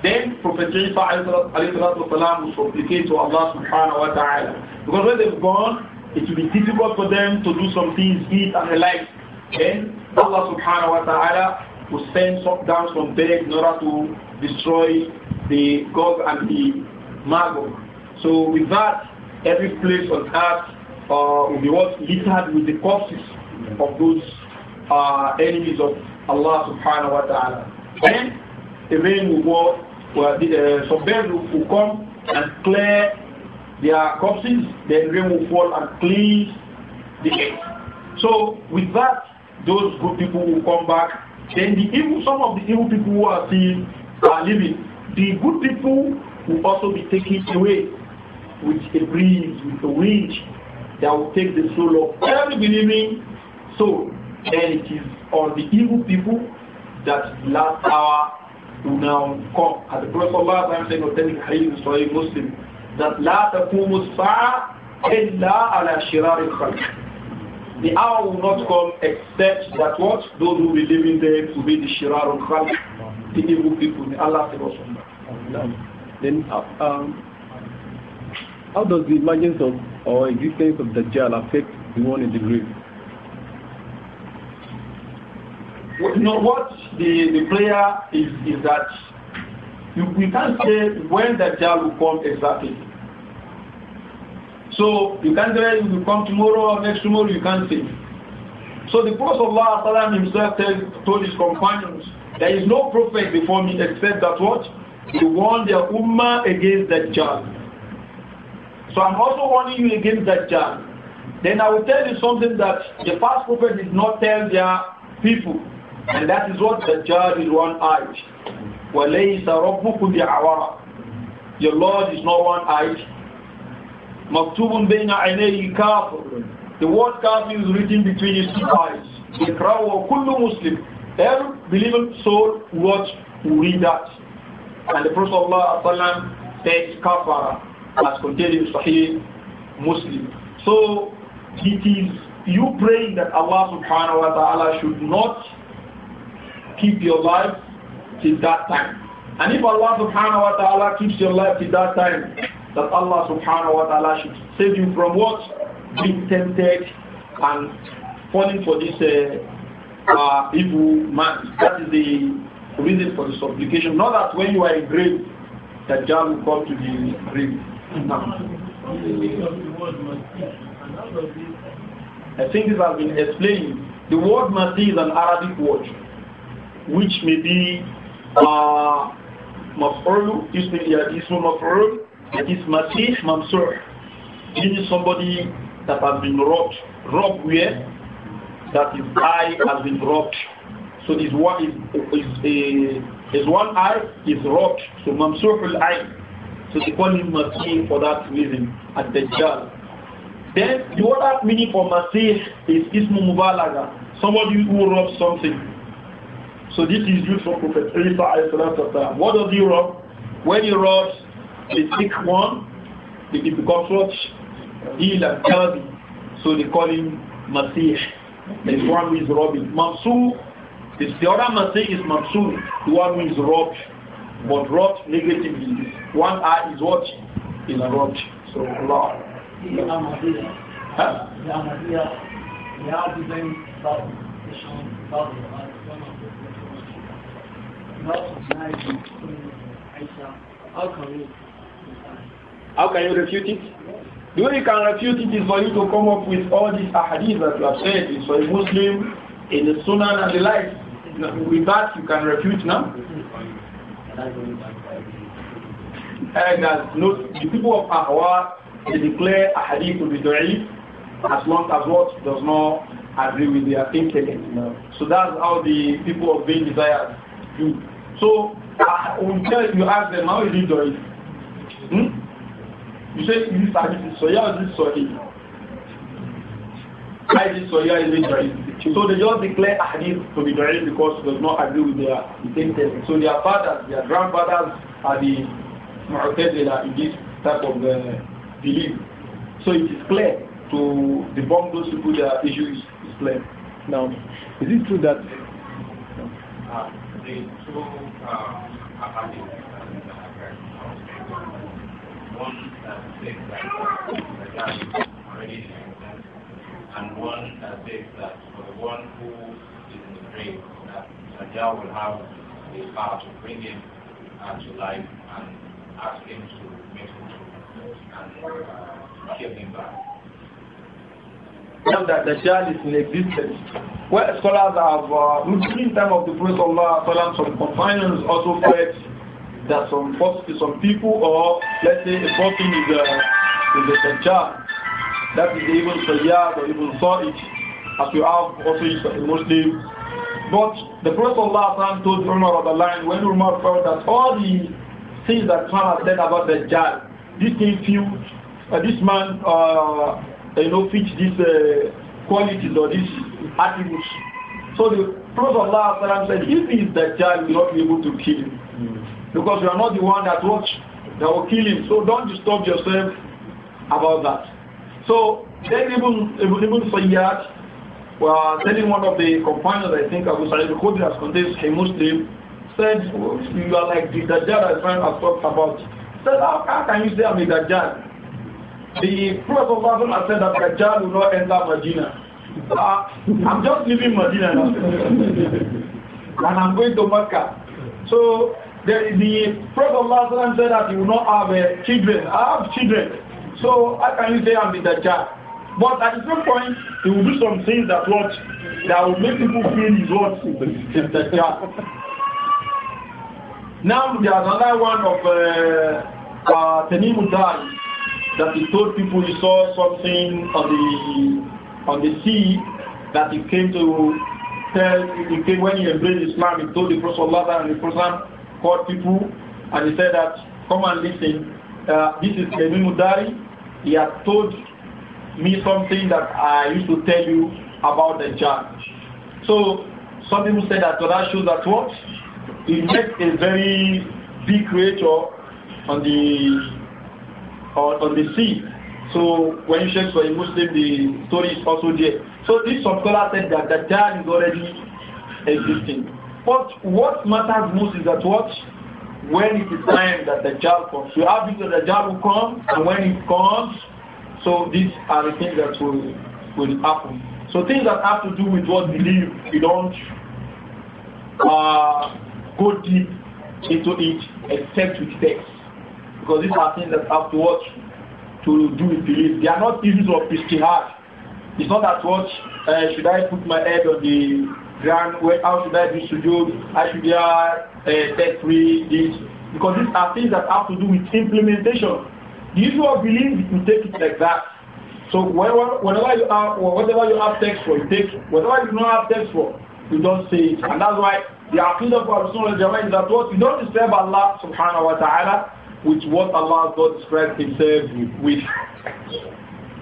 A: Then Prophet Isa will supplicate to Allah subhanahu wa ta'ala. Because when they've gone, it will be difficult for them to do some things, eat and the like. Then Allah subhanahu wa ta'ala will send some down from there in order to destroy the Gog and the Magog. So with that, every place on earth uh, will be what littered with the corpses of those uh, enemies of Allah subhanahu wa ta'ala. Then the rain will go, well, the, uh, some birds will, will come and clear their corpses, then rain will fall and cleanse the earth. So with that, those good people will come back. Then the evil, some of the evil people who are still are living, the good people will also be taken away with a breeze, with a wind that will take the soul of every believing soul. Then it is on the evil people that last hour will now come. As the Prophet Allah said in authentic Hadith Sahih Muslim, that لا تقوم الساعة إلا على The hour will not come except that what? Those who believe in them will be the shirar al-khalq, the evil people. May Allah save us from that. Then, uh, um, how does the emergence of or existence of jail affect the one in the grave? Well, you know what the, the player is, is that you, we can't say when the jail will come exactly. So you can't say you will come tomorrow or next tomorrow, you can't say. So the Prophet Allah himself tell, told his companions, there is no prophet before me except that what? He warned their ummah against jail." So I'm also warning you against that job. Then I will tell you something that the first prophet did not tell their people. And that is what Dajjal is one-eyed. وَلَيْسَ رَبُّكُ Your Lord is not one-eyed. مَكْتُوبٌ بَيْنَ عَيْنَيْهِ كَافِرٌ The word kafir is written between his two eyes. The of كُلُّ Muslim. Every believing soul watch will read that. And the Prophet Allah says kafara as contained in Sahih Muslim. So it is you praying that Allah subhanahu wa ta'ala should not keep your life till that time. And if Allah subhanahu wa ta'ala keeps your life till that time, that Allah subhanahu wa ta'ala should save you from what? Being tempted and falling for this uh, uh, evil man. That is the reason for the supplication. Not that when you are in grave, that God will come to the grave. I think this has been explained. The word Mahdi is an Arabic word, which may be uh, Maf'ul, Ismu Maf'ul, and is Mamsur, meaning somebody that has been robbed. Robbed where? That his eye has been robbed. So this one, is his, his one eye is robbed. So Mamsurul eye so they call him Masih for that reason, at the Dajjal. Then the other meaning for Masih is Ismu Mubalaga, somebody who robs something. So this is used for Prophet Isa What does he rob? When he robs the sick one, he becomes rich. He is a Kalbi. So they call him Masih. The one who is robbing. Mansur, the other Masih is Mansur, the one who is robbed but wrought negatively. One eye is what is wrought. So Lord. How can you refute it? The way you can refute it is for you to come up with all these ahadith that you have said. It's for a Muslim, in the Sunan and the like. With that, you can refute now. And as uh, note, the people of Ahwa, they declare a hadith to be da'if as long as what does not agree with their thinking. No. So that's how the people of vain desires do. So uh, when you ask them, how is it da'if? Hmm? You say, this hadith is so, yeah, this is so, yeah, is so da'if? So they just declare hadith to be da'if because they do not agree with their intention. So their fathers, their grandfathers are the Mu'tazila in this type of uh, belief. So it is clear to debunk those people their issue is, is clear. Now, is it true that uh, the two um, uh, one uh, and one uh, says that for the one who is in the grave, that Sajjah will have the power to bring him uh, to life and ask him to make him true and uh, give him back. Now that the child is in existence, where scholars have uh, in time of the Prophet Allah, some companions also said that some some people or let's say a person is a uh, is a child that is even Sayyad or even Sa'id, as you have also in Muslim. But the Prophet Allah told Umar of the line when Umar felt that all the things that Khan has said about the Dajjal, this thing, uh, this man, uh, you know, fits these uh, qualities or these attributes. So the Prophet Allah said, if he is will not be able to kill him. Hmm. Because you are not the one that watch, that will kill him. So don't disturb yourself about that. So then Ibn, Ibn Sayyad, well, telling one of the companions, I think Abu Sa'id al-Khudri has condensed a Muslim, said, well, you are like the Dajjal as friend has talked about. said, how, how can you say I'm a Dajjal? The Prophet of Allah has said that Dajjal will not enter Medina. uh, I'm just leaving Medina now. and I'm going to Mecca. So the, the Prophet of Allah said that he will not have uh, children. I have children. So how can you say I'm the Dajjal? But at the same point, he will do some things that what that will make people feel he's the Dajjal. Now there's another one of uh, uh, Tenimutai that he told people he saw something on the on the sea that he came to tell he came when he embraced Islam he told the Prophet Allah and the Prophet called people and he said that come and listen uh, this is Kevin Mudari he had told me something that I used to tell you about the judge. So some people say that so that shows that what he met a very big creature on the on, on the sea. So when you check for a Muslim, the story is also there. So this scholar said that the judge is already existing. But what matters most is that what when it is time that the job comes. You have it that the job will come, and when it comes, so these are the things that will, will happen. So things that have to do with what believe, we don't uh, go deep into it except with text. Because these are things that have to watch to do with belief. They are not issues of ijtihad. It's not that what uh, should I put my head on the grand, well, how should I do sujood? I should be uh, debt uh, free, this. Because these are things that have to do with implementation. The issue of belief, you take it like that. So whenever, whenever you have, whatever you have text for, you take. Whatever you don't have text for, you don't say it. And that's why the aqidah for Rasulullah Jama'ah is that what you don't disturb Allah subhanahu wa ta'ala with what Allah God described himself with.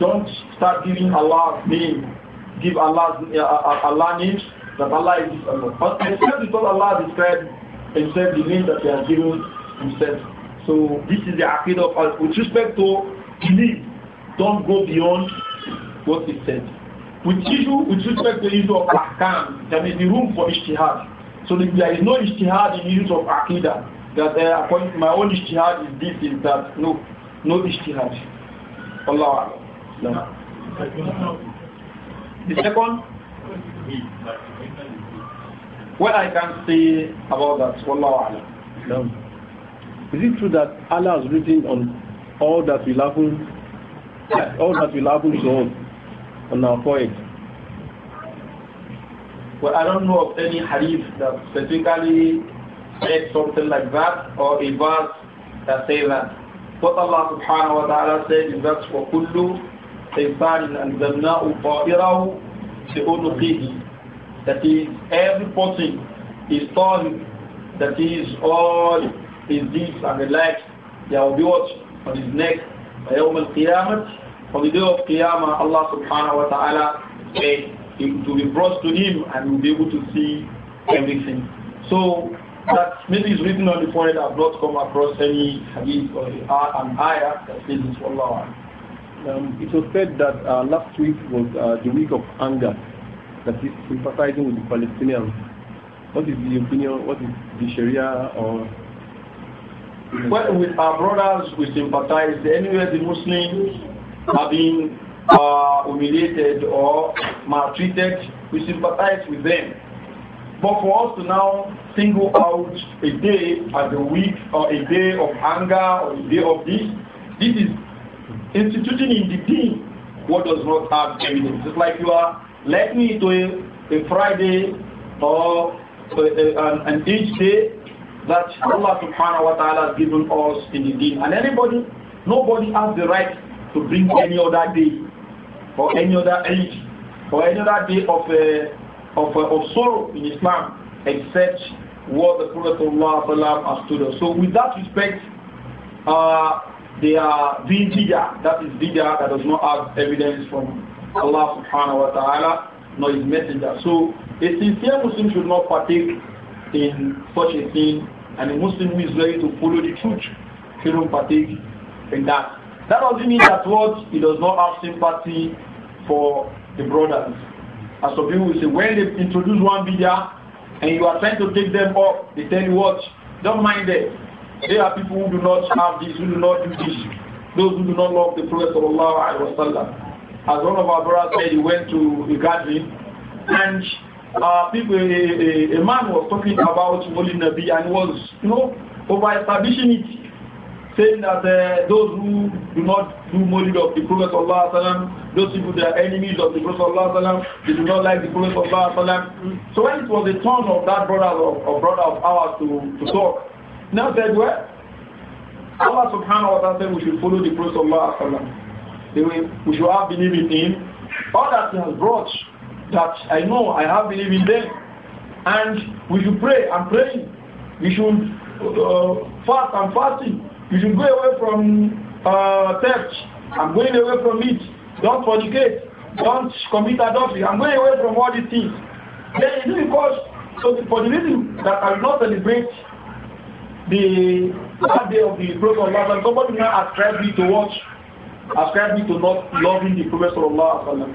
A: Don't start giving Allah name. Give Allah, uh, uh, Allah names that Allah is uh, Allah. But except it's all Allah described except the name that he has given himself. So this is the aqidah of With respect to belief, don't go beyond what is said. With issue, with respect to issue of ahkam, there may be room for ijtihad. So there is no ijtihad in use of aqidah. That uh, according to my own ijtihad is this, is that. No, no ijtihad. Allah Allah. No. The second? What I can say about that, Wallahu Alam. No. Is it true that Allah has written on all that will happen, Yes. all that will happen to us on our forehead? Well, I don't know of any hadith that specifically says something like that or a verse that says that. What Allah subhanahu wa ta'ala said in verse وَكُلُّ إِنسَانٍ أَنْزَلْنَاهُ طَائِرَهُ لِأُنُقِهِ that is every person is torn, that is all his deeds and the likes, they will be what? On his neck, وَيَوْمَ Qiyamah. On the day of Qiyamah, Allah subhanahu wa ta'ala said, it will be brought to him and will be able to see everything. So, that maybe is written on the forehead, I've not come across any hadith or an ayah that says this, um, it was said that uh, last week was uh, the week of anger that is sympathizing with the Palestinians. What is the opinion, what is the Sharia or... Well, with our brothers, we sympathize. Anywhere the Muslims are being uh, humiliated or maltreated, we sympathize with them. But for us to now single out a day as a week or a day of anger or a day of this, this is instituting in the deen what does not have evidence. It's like you are me to a, a Friday or an, each day that Allah subhanahu wa ta'ala has given us in the deen. And anybody, nobody has the right to bring any other day or any other age or any other day of, uh, of, uh, of sorrow in Islam except what the Prophet Allah has told us. So with that respect, uh, they are being bid'ah. That is bid'ah that does not have evidence from Allah subhanahu wa ta'ala nor his messenger. So a sincere Muslim should not partake in such a thing and a Muslim who is ready to follow the truth shouldn't partake in that. That doesn't mean that what he does not have sympathy for the brothers. As some people will say, when they introduce one video and you are trying to take them up, they tell you what, don't mind them. There are people who do not have this, who do not do this, those who do not love the Prophet. As one of our brothers said, he went to a gathering and uh, people, a, a, a, man was talking about Holy Nabi and was, you know, over establishing it, saying that uh, those who do not do Molid of the Prophet Sallallahu those people they are enemies of the Prophet Sallallahu they do not like the Prophet Sallallahu So when it was the turn of that brother of, of brother of ours to, to talk, now said, well, Allah subhanahu wa ta'ala said we should follow the Prophet Sallallahu the way we should have believed in him. All that he has brought, that I know I have believed in them. And we should pray, I'm praying. We should uh, fast, I'm fasting. We should go away from uh, theft, I'm going away from it. Don't fornicate, don't commit adultery, I'm going away from all these things. Then it is because, so for the reason that I will not celebrate the that day of the growth of and somebody now ascribed me to watch ascribe me to not loving the Prophet sallallahu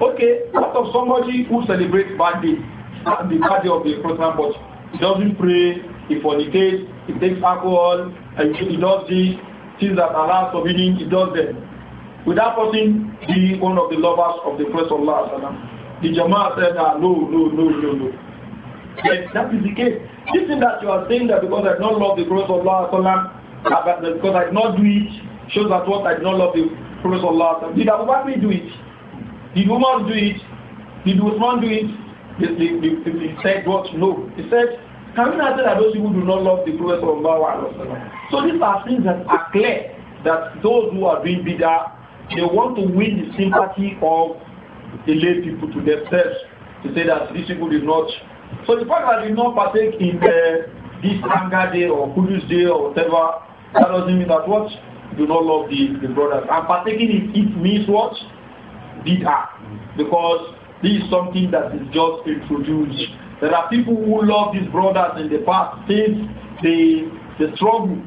A: Okay, what of somebody who celebrates day, the day of the Prophet but he doesn't pray, he fornicates, he takes alcohol, and he does these things that Allah is forbidding, he does them. Without person be one of the lovers of the Prophet sallallahu The Jama'ah said, no, no, no, no, no. Yes, that is the case. This thing that you are saying that because I do not love the Prophet sallallahu because I do not do it, shows that what I did not love the Prophet Allah. Did Abu Bakr do it? Did Umar do it? Did Uthman do it? They, said what? No. He said, can we not say that those people do not love the Prophet Allah? So these are things that are clear that those who are doing bid'ah, they want to win the sympathy of the lay people to themselves to say that these people did not. So the fact that they do not partake in uh, this anger day or Kudus day or whatever, that doesn't mean that what do not love the, the brothers. And partaking in it means what? Bid'ah. Because this is something that is just introduced. There are people who love these brothers in the past since the, the struggle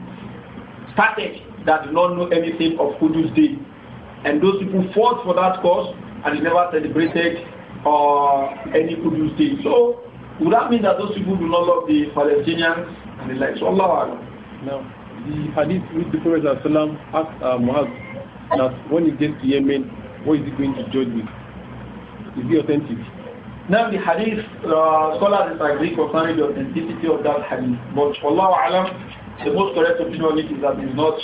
A: started that do not know anything of Kudu's Day. And those people fought for that cause and they never celebrated uh, any Kudu's Day. So would that mean that those people do not love the Palestinians and the like? So Allah. No the hadith with the Prophet asked uh, that when he gets to Yemen, what is he going to judge with? Is he authentic? Now the hadith, uh, scholars disagree concerning the authenticity of that hadith. But Allah Alam, the most correct opinion on it is that it's not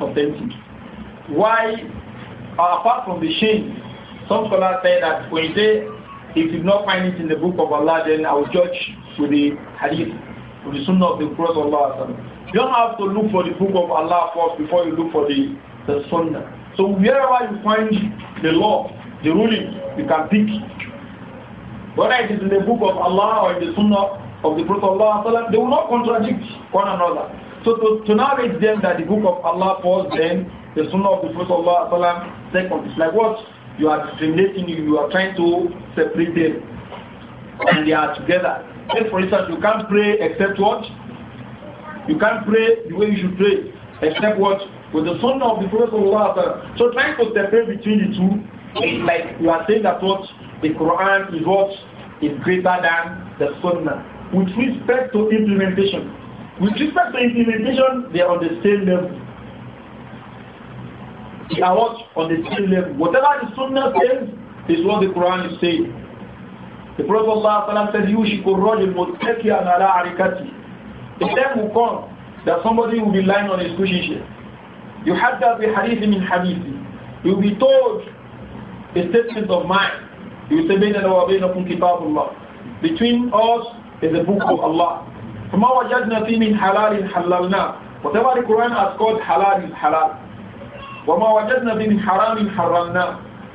A: authentic. Why, uh, apart from the shame, some scholars say that when you say, if you do not find it in the book of Allah, then I will judge with the hadith to the Sunnah of the Prophet Allah. You don't have to look for the book of Allah first before you look for the, the Sunnah. So wherever you find the law, the ruling, you can pick. Whether it is in the book of Allah or in the Sunnah of the Prophet Allah, they will not contradict one another. So to, to narrate them that the book of Allah falls then the Sunnah of the Prophet Allah second, it's like what? You are discriminating, you are trying to separate them and they are together. Take for instance, you can't pray except what? You can't pray the way you should pray, except what? With the son of the Prophet Allah. So trying to separate between the two is like you are saying that what the Quran is what is greater than the Sunnah. With respect to implementation. With respect to implementation, they are on the same level. They are what? On the same level. Whatever the Sunnah says is what the Quran is saying. The Prophet ﷺ said, You should rajul muttakiyan ala arikati. The time will come that somebody will be lying on his cushion You had that be hadith min Hadith. You will be told a statement of mine. You will say, بيننا وبينكم كتاب Allah." Between us is the book of Allah. فما وجدنا فيه من حلال حللنا. Whatever the Quran has called halal is halal. وما وجدنا فيه من حرام حرمنا.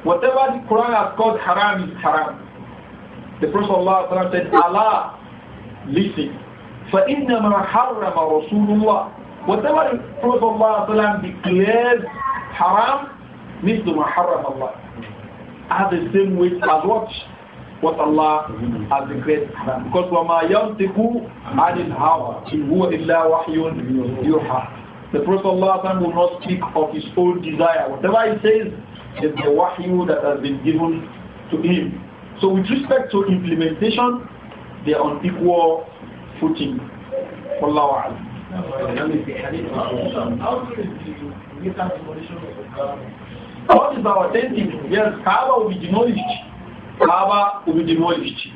A: Whatever the Quran has called haram is haram. The Prophet ﷺ said, Allah, listen. فَإِنَّمَا حَرَّمَ رَسُولُ اللَّهِ Whatever the Prophet Allah declares haram, مثل ما Allah. I have the same weight as what? What Allah has declared haram. Because وَمَا يَنْتِقُ عَنِ الْهَوَىٰ إِنْ هُوَ إِلَّا وَحْيٌ يُوحَىٰ The Prophet Allah will not speak of his own desire. Whatever he says is the wahyu that has been given to him. So with respect to implementation, they are on equal footing. Wallahu a'lam. What is our authentic? Yes, Kaaba will be demolished. Kaaba will be demolished.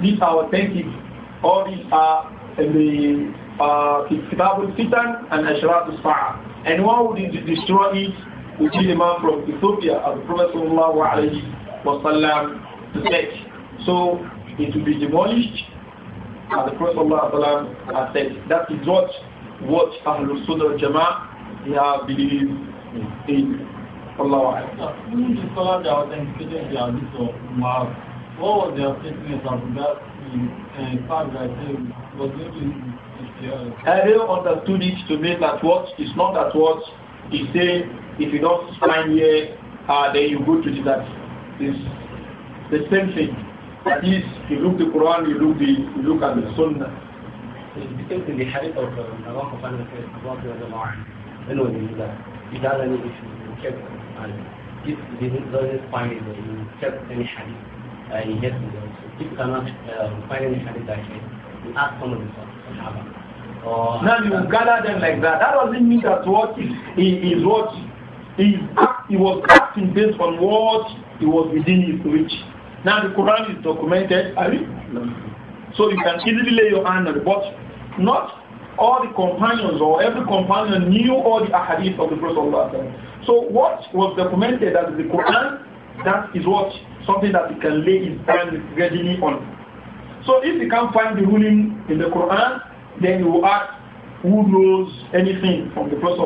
A: These are authentic. All these are in the uh, al-Fitan and Ashrat al-Sa'a. Anyone who would destroy it would be the man from Ethiopia, as the Prophet sallallahu alayhi wa to So it will be demolished And the Prophet Allah has said. That is not what Ahlul Sunnah Jama'ah they have believed in. Allah What was their statement about that in uh, uh, fact they was going I really understood it to mean that what is not that what he saying if you don't sign here, uh, then you go to that. This the same thing. That is, you look the Quran, you look the, you look at the Sunnah. It becomes in the habit of Allah subhanahu wa ta'ala when we do that. If there uh, any issues, you check uh, and if this doesn't find it, you check any hadith uh, in here. If you cannot uh, find any hadith that you you ask some of the Sahaba. Now you gather them like that. That doesn't mean that what he is he he was acting based on what he was within his reach. Now the Quran is documented, are you? So you can easily lay your hand on it. but not all the companions or every companion knew all the ahadith of the Prophet. So what was documented as the Quran, that is what something that you can lay his hand readily on. So if you can't find the ruling in the Quran, then you ask who knows anything from the Prophet.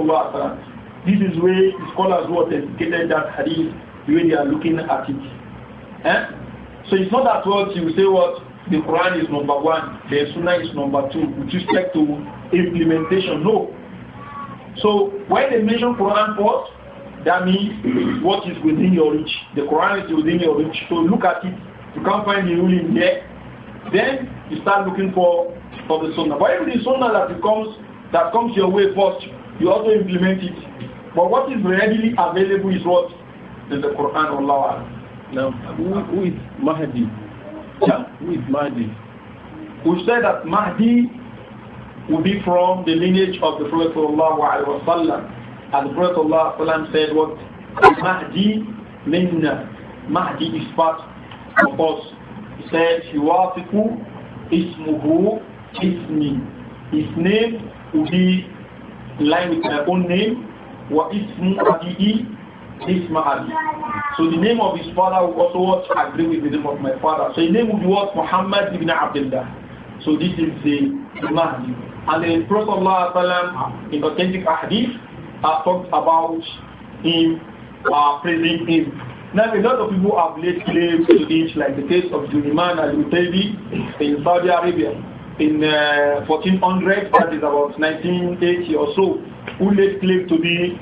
A: This is where the scholars who authenticated that hadith, the way they are looking at it. Eh? So it's not that what you say what the Quran is number one, the Sunnah is number two with respect to implementation. No. So when they mention Quran first, that means what is within your reach. The Quran is within your reach. So look at it. You can't find the ruling there. Then you start looking for for the Sunnah. But every Sunnah that becomes that comes your way first, you also implement it. But what is readily available is what is the Quran. Allah. Now, who, who is Mahdi? Yeah, who is Mahdi? We said that Mahdi will be from the lineage of the Prophet wasallam. And the Prophet wasallam said what? Mahdi minna. Mahdi is part of us. He said, Yuafiku ismuhu ismi. His name will be in line with my own name. Wa ismu abi'i this Ali. So the name of his father will also what agree with the name of my father. So his name will be what Muhammad ibn Abdullah. So this is the Mahdi. And the Prophet Allah in authentic hadith uh, talked about him uh, praising him. Now a lot of people have laid claim to it, like the case of Juliman al in Saudi Arabia in uh, 1400, that is about 1980 or so, who laid claim to be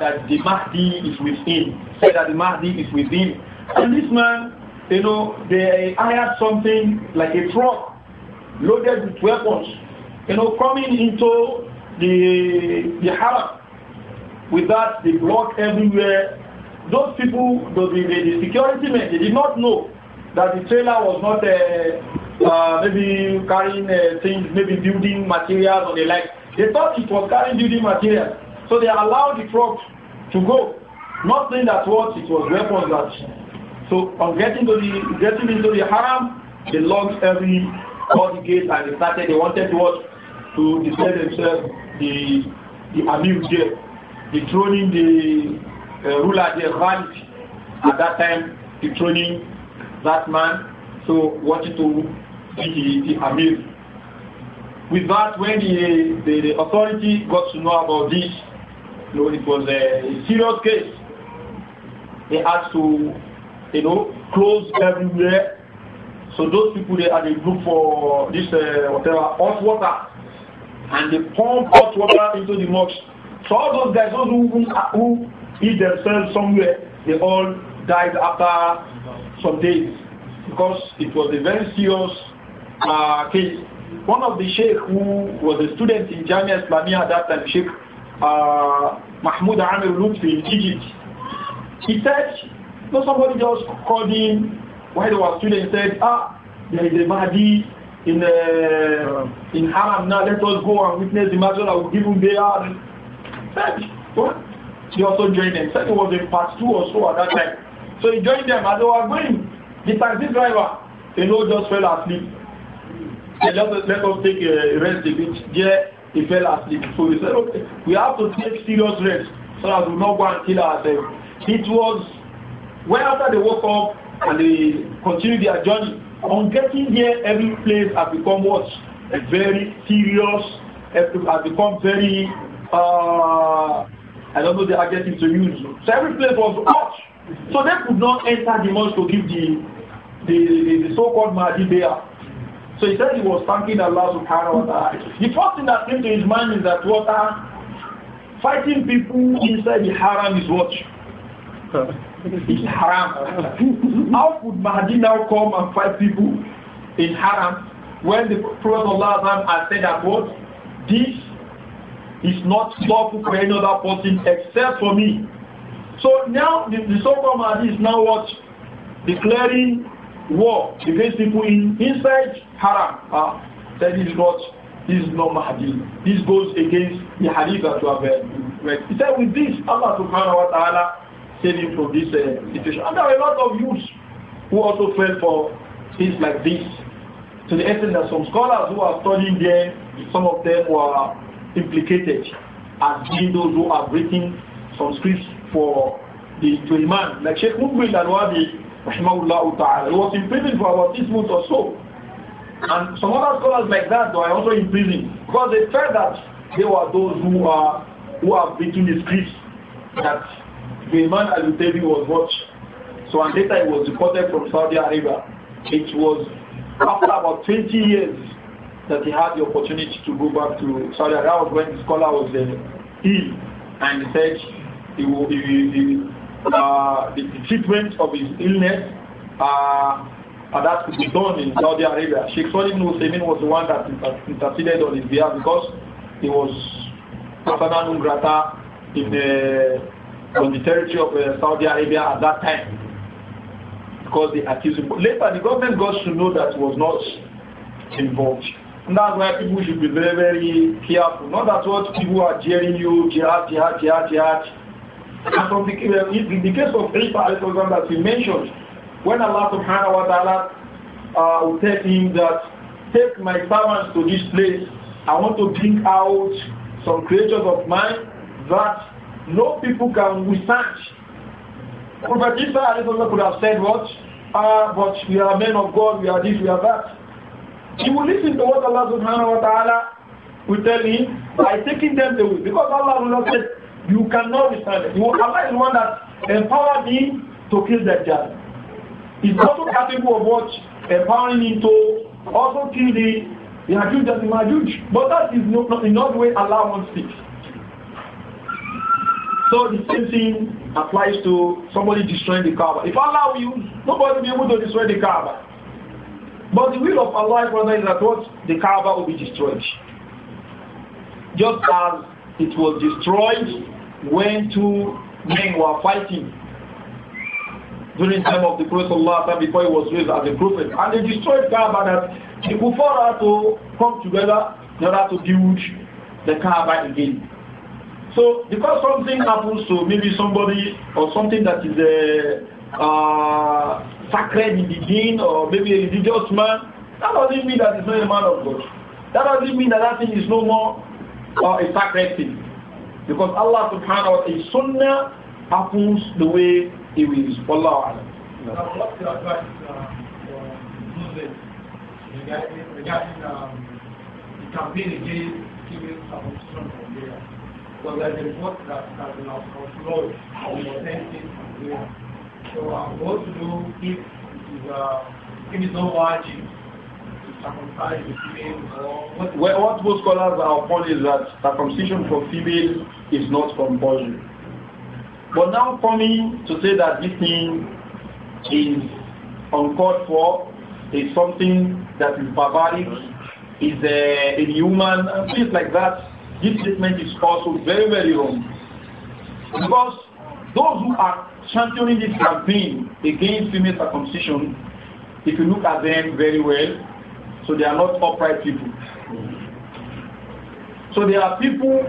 A: that the Mahdi is within, Say that the Mahdi is within. And this man, you know, they hired something like a truck loaded with weapons, you know, coming into the, the Haram. With that, they block everywhere. Those people, the, the, the security men, they did not know that the trailer was not uh, uh, maybe carrying uh, things, maybe building materials or the like. They thought it was carrying building materials. So they allowed the truck to go, not saying that what it was weapons that. So on getting to the getting into the haram, they locked every all the and they started. They wanted what to declare themselves the the Amir there, dethroning the uh, ruler the Khalid. At that time, dethroning that man, so wanted to be the, the Amir. With that, when the, the, the authority got to know about this, no, it was a serious case. They had to, you know, close everywhere. So those people, they had a look for this, uh, whatever, hot water. And they pump hot water into the mosque. So all those guys, those who, who, eat themselves somewhere, they all died after some days. Because it was a very serious uh, case. One of the sheikh who was a student in Jamia Islamia at that time, Sheikh uh, Mahmoud Amir Lutfi in Egypt. He said, you know, somebody just called him while they were students said, ah, there is a Mahdi in, uh, in Haram now, let us go and witness the Mahdi I will give him there. Said, what? He also joined them. Said it was in part two or so at that time. So he joined them as they were going. The taxi driver, you know, just fell asleep. They let let us take a rest a bit. Yeah he fell asleep. So we said, okay, we have to take serious rest so that we not go and kill ourselves. It was when after they woke up and they continued their journey, on getting here, every place has become what? a Very serious, has become very, uh, I don't know the adjective to use. So every place was hot. So they could not enter the mosque to give the, the, the so-called Mahdi there. So he said he was thanking Allah subhanahu wa ta'ala. The first thing that came to his mind is that what uh, fighting people inside the haram is what? It's haram. How could Mahdi now come and fight people in haram when the Prophet Allah has said that what? This is not lawful for any other person except for me. So now the, the so-called Mahdi is now what? Declaring war against people in, inside Haram. Uh, that is not this is not Mahdi. This goes against the hadith that you have uh, read. He said with this, Allah subhanahu wa ta'ala saved him from this uh, situation. And there are a lot of youths who also fell for things like this. To the extent that some scholars who are studying there, some of them were implicated as being those who are written some scripts for the to like Sheikh Mugbil al Rahimahullah ta'ala. He was in prison for about six months or so. And some other scholars like that were also in prison because they felt that they were those who are who have written the scripts that the man al-Utabi was watched. So and later it was reported from Saudi Arabia. It was after about 20 years that he had the opportunity to go back to Saudi Arabia. That was when the scholar was uh, ill and he said he, will, he, he, uh, the, treatment of his illness uh, uh, that could be done in Saudi Arabia. Sheikh Salim Nusaymin was the one that inter interceded on his behalf because he was persona non grata in the, uh, on the territory of uh, Saudi Arabia at that time because they accused him. later, the government got to know that was not involved. And that's why people should be very, very careful. Not that what people are jeering you, jihad, jihad, jihad, jihad from uh, the, in the case of Isa, that we mentioned, when Allah subhanahu wa ta'ala uh, tell him that, take my servants to this place, I want to bring out some creatures of mine that no people can withstand. Prophet Isa could have said what? Ah, but we are men of God, we are this, we are that. He will listen to what Allah subhanahu wa ta'ala will tell him by taking them away. Because Allah will not say, you cannot withstand it. Allah is the one that empowered me to kill that child. He's also capable of what empowering me to also kill the Yajuj and the Majuj. But that is not, not, not the way Allah wants it. So the same thing applies to somebody destroying the Kaaba. If Allah will, nobody will be able to destroy the Kaaba. But the will of Allah brother, is that what the Kaaba will be destroyed. Just as it was destroyed when two men were fighting during time of the Prophet Allah before he was raised as a prophet. And they destroyed Kaaba that the that had to come together in order to build the Kaaba again. So because something happens to maybe somebody or something that is a, uh, uh, sacred in the deen or maybe a religious man, that doesn't mean that it's not a man of God. That doesn't mean that that thing is no more uh, a sacred thing. Because Allah subhanahu wa ta'ala, sunnah happens the way it is. Wallahu alam. what's your advice uh, um, regarding, regarding um, the campaign against giving from Because there's a report that has been outlawed authentic So, uh, what to do if it is, uh, if it's not well, what most scholars are upon is that circumcision for female is not compulsory. But now coming to say that this thing is uncalled for, is something that is barbaric, is uh, inhuman, things like that, this statement is also very, very wrong. Because those who are championing this campaign against female circumcision, if you look at them very well, so they are not upright people. So there are people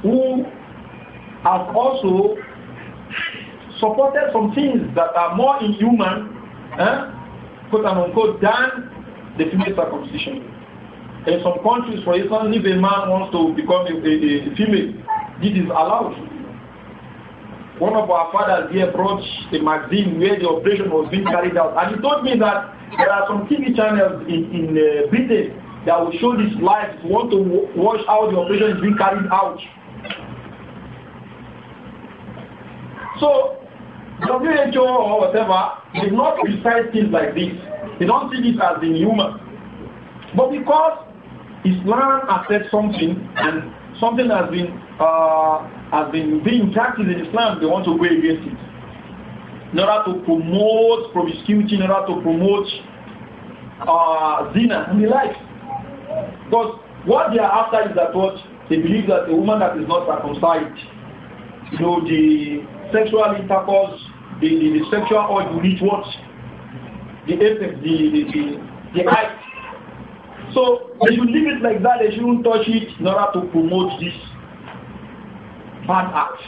A: who have also supported some things that are more inhuman, eh, quote and unquote, than the female circumcision. In some countries, for instance, if a man wants to become a, a, a female, this is allowed. One of our fathers here brought a magazine where the operation was being carried out, and he told me that there are some TV channels in, in uh, Britain that will show this live. you want to watch how the operation is being carried out. So, WHO or whatever did not recite things like this. They don't see this as inhuman. But because Islam has said something and something has been uh, has been being practiced in Islam, they want to go against it in order to promote promiscuity, in order to promote uh, zina and the like. Because what they are after is that what they believe that a woman that is not circumcised, you know, the sexual intercourse, the, the, the sexual or you reach what? The apex, the, the, the, the height. So they should leave it like that, they shouldn't touch it in order to promote this bad act.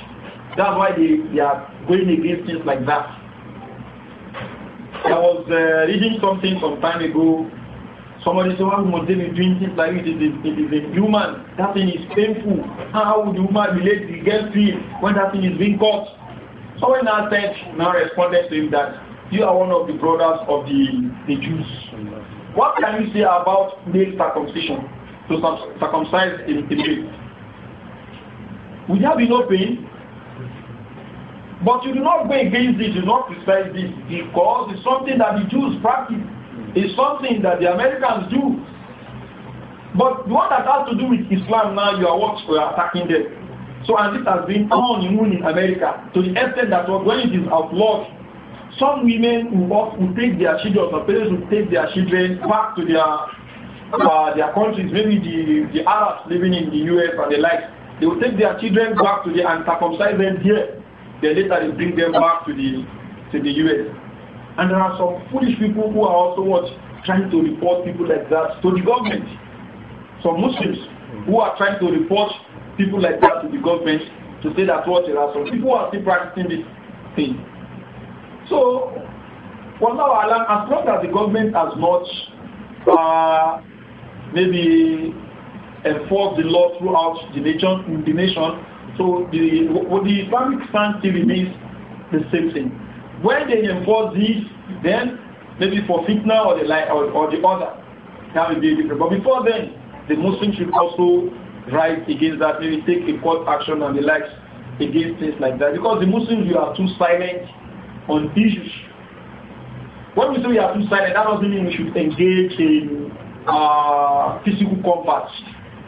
A: That's why they, they are going against things like that. I was uh, reading something some time ago. Somebody said, why must they be doing things like this? It is, it is a human. That thing is painful. How would woman relate to girl feel when that thing is being caught? Someone now said, now responded to him that you are one of the brothers of the, the Jews. What can you say about male circumcision to circumcise in the male? Will there be no pain? But you do not go against this, you do not criticize this, because it's something that the Jews practice. It's something that the Americans do. But what that has to do with Islam now, you are what you are attacking them. So, and this has been on in America to the extent that when it is outlawed, some women will, will take their children, some parents will take their children back to their uh, their countries, maybe the, the Arabs living in the US and the like. They will take their children back to the and circumcise them here they later bring them back to the to the US. And there are some foolish people who are also what trying to report people like that to the government. Some Muslims who are trying to report people like that to the government to say that what there are some people who are still practicing this thing. So, for now, Alan, as long as the government has not uh, maybe enforced the law throughout the nation, the nation so the, the Islamic stance still remains the same thing. When they enforce this, then maybe for fitna or the like or, or the other, that will be different. But before then, the Muslims should also rise against that, maybe take a court action and the likes against things like that. Because the Muslims you are too silent on issues. When we say we are too silent, that doesn't mean we should engage in uh, physical combat.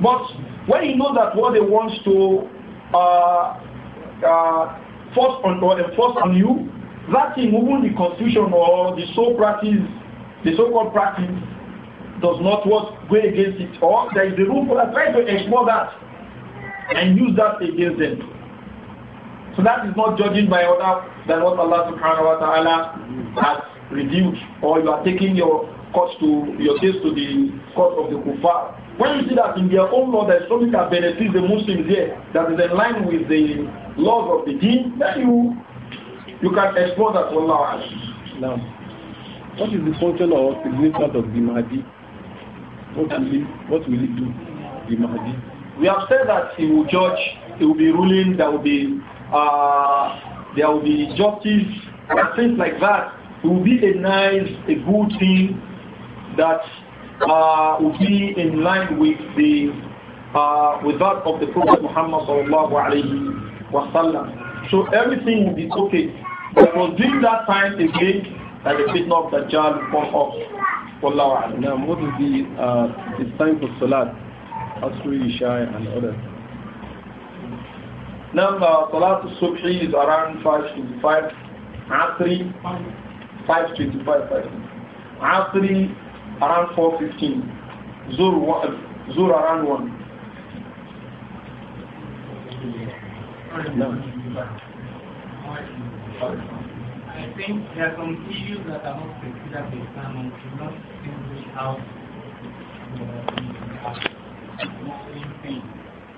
A: But when you know that what they want to uh, uh, force on or enforce on you, that thing, even the constitution or the so practice, the so-called practice, does not work, go against it. Or there is a room for that. Try to explore that and use that against them. So that is not judging by other than what Allah subhanahu wa ta'ala has revealed. Or you are taking your to your case to the court of the kuffar. When you see that in their own law there is something that benefits the Muslims here, that is in line with the laws of the deen, then you you can explore that Allah. Now, what is the function or significance of the Mahdi? What will he, what will he do, the Mahdi? We have said that he will judge, he will be ruling, there will be uh, there will be justice and things like that. It will be a nice, a good thing that uh, would be in line with the uh, with that of the Prophet Muhammad sallallahu alaihi wasallam. So everything will be okay. But was during that time again that the fitna of Dajjal will come up. Now, what is the uh, the time for Salat, Asr, Isha, and others? Now, uh, Salat Subhi is around 5:25. Asri 5:25. Asri around 4.15. Zuhr, Zuhr around 1. I think there are some issues that are not considered by Islam and do not simply how Muslim thing.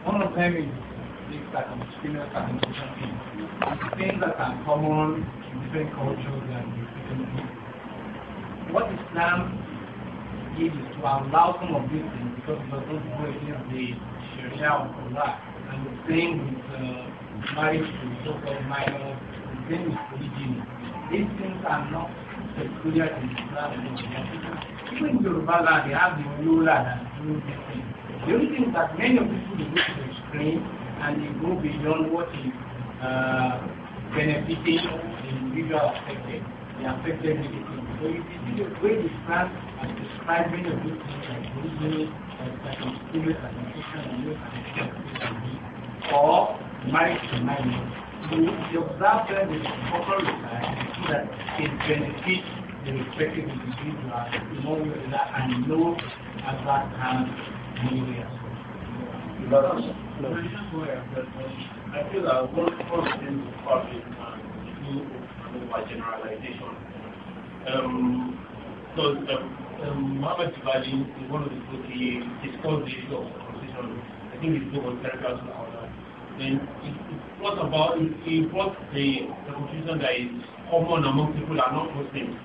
A: One of them is this circumcision circumcision thing. It's things that are common in different cultures and different things. What Islam gave to allow some of these things because it are not go against the Sharia of Allah. And the same with uh, marriage to so-called minors, the same with religion. These things are not peculiar to Islam and Even in Yoruba land, they have the ruler that do these things. The only thing is that many of these people go to the extreme and they go beyond what is uh, benefiting the individual affected. They affected negatively. So you can see the way the Quran is describing a good thing like good meaning like serious and new or marriage to marriage. You, you observe them with proper regard that it benefits the respective individual in one way and no adverse harm anywhere. I feel that one first thing uh, to start with is to generalization um, so um, um, Muhammad Tibali is one of the books he discussed the issue of compensation. I think his book was very close to Then it brought about, he brought the, the confusion that is common among people that are not Muslims.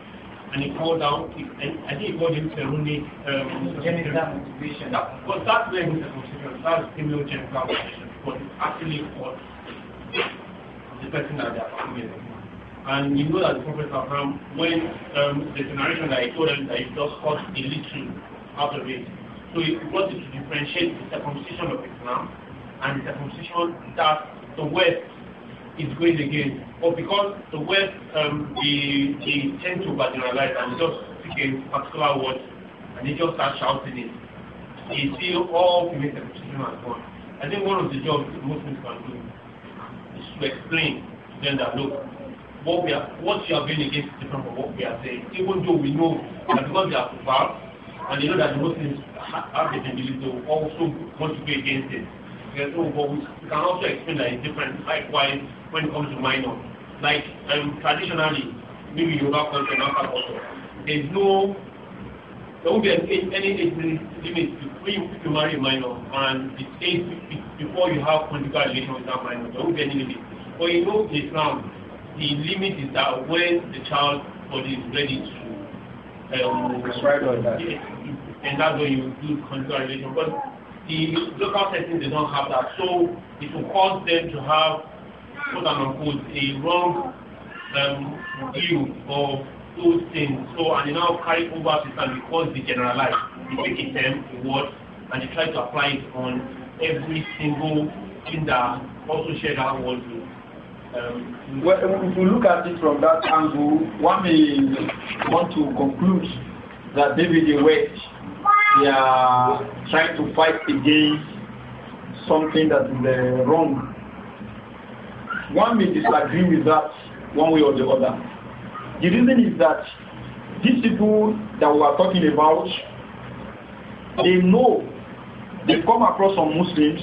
A: And he called out, I think he called him Seruni. Um, genital motivation. That, but that's where his confusion, that's female genital motivation. But it's actually for the person that they are familiar with. And you know that the Prophet Abraham, when um, the generation that I told him that he just cut a little out of it, so he wanted to differentiate the circumcision of Islam and the circumcision that the West is going against. But because the West, um, they, they tend to marginalize and just pick a particular word and they just start shouting it. They see all female circumcision as one. I think one of the jobs Muslims can do is to explain to them that look, what we are what you are doing against is different from what we are saying. Even though we know that because they are far and they know that the Muslims have the belief, they will also want to against it. Okay, so, but we can also explain that it's different. Likewise, when it comes to minor, like um, traditionally, maybe Yoruba culture and Africa also, there's no there won't be any, any age limit before you, you marry a minor and the age before you have conjugal relation with that minor. There won't be any limit. But you know Islam, the limit is that when the child body is ready to um, prescribe that, and that's when you do consolidation. But the local settings they don't have that, so it will cause them to have quote unquote a wrong um, view of those things. So and they now carry over system because they generalize, they take a term, a word, and they try to apply it on every single thing that also share that worldview. Um, if we look at it from that angle, one may want to conclude that maybe they were they are trying to fight against something that is uh, wrong. One may disagree with that one way or the other. The reason is that these people that we are talking about, they know they come across some Muslims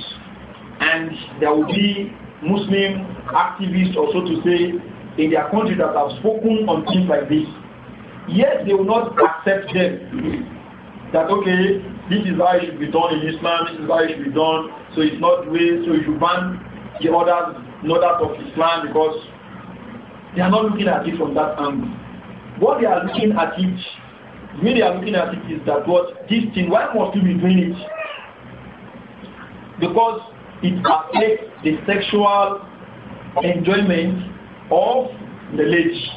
A: and there will be Muslim activists or so to say in their country that have spoken on things like this. Yet they will not accept them. That okay, this is how it should be done in Islam, this is how it should be done, so it's not way, so you should ban the others, not that of Islam because they are not looking at it from that angle. What they are looking at it, the way they are looking at it is that what this thing, why must you be doing it? Because it affects the sexual enjoyment of the lady.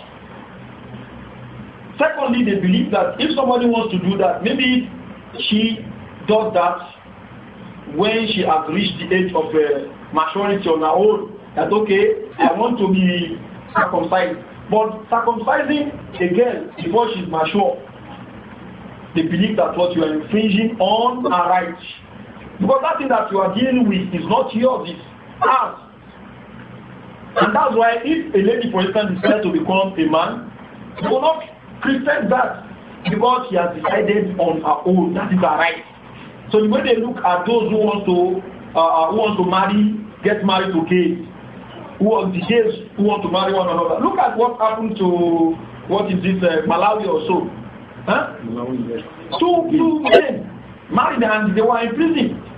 A: Secondly, they believe that if somebody wants to do that, maybe she does that when she has reached the age of uh, maturity on her own. That's okay, I want to be circumcised. But circumcising a girl before she's mature, they believe that what you are infringing on her rights. Because that thing that you are dealing with is not yours, it's ours. And that's why if a lady, for instance, decides to become a man, you will not prevent that because she has decided on her own. That is her right. So the way they look at those who want to uh, uh who want to marry, get married to gays, who are the gays who want to marry one another. Look at what happened to what is this uh, Malawi or so. Huh? Malawi, yes. Two two men married and they were in prison.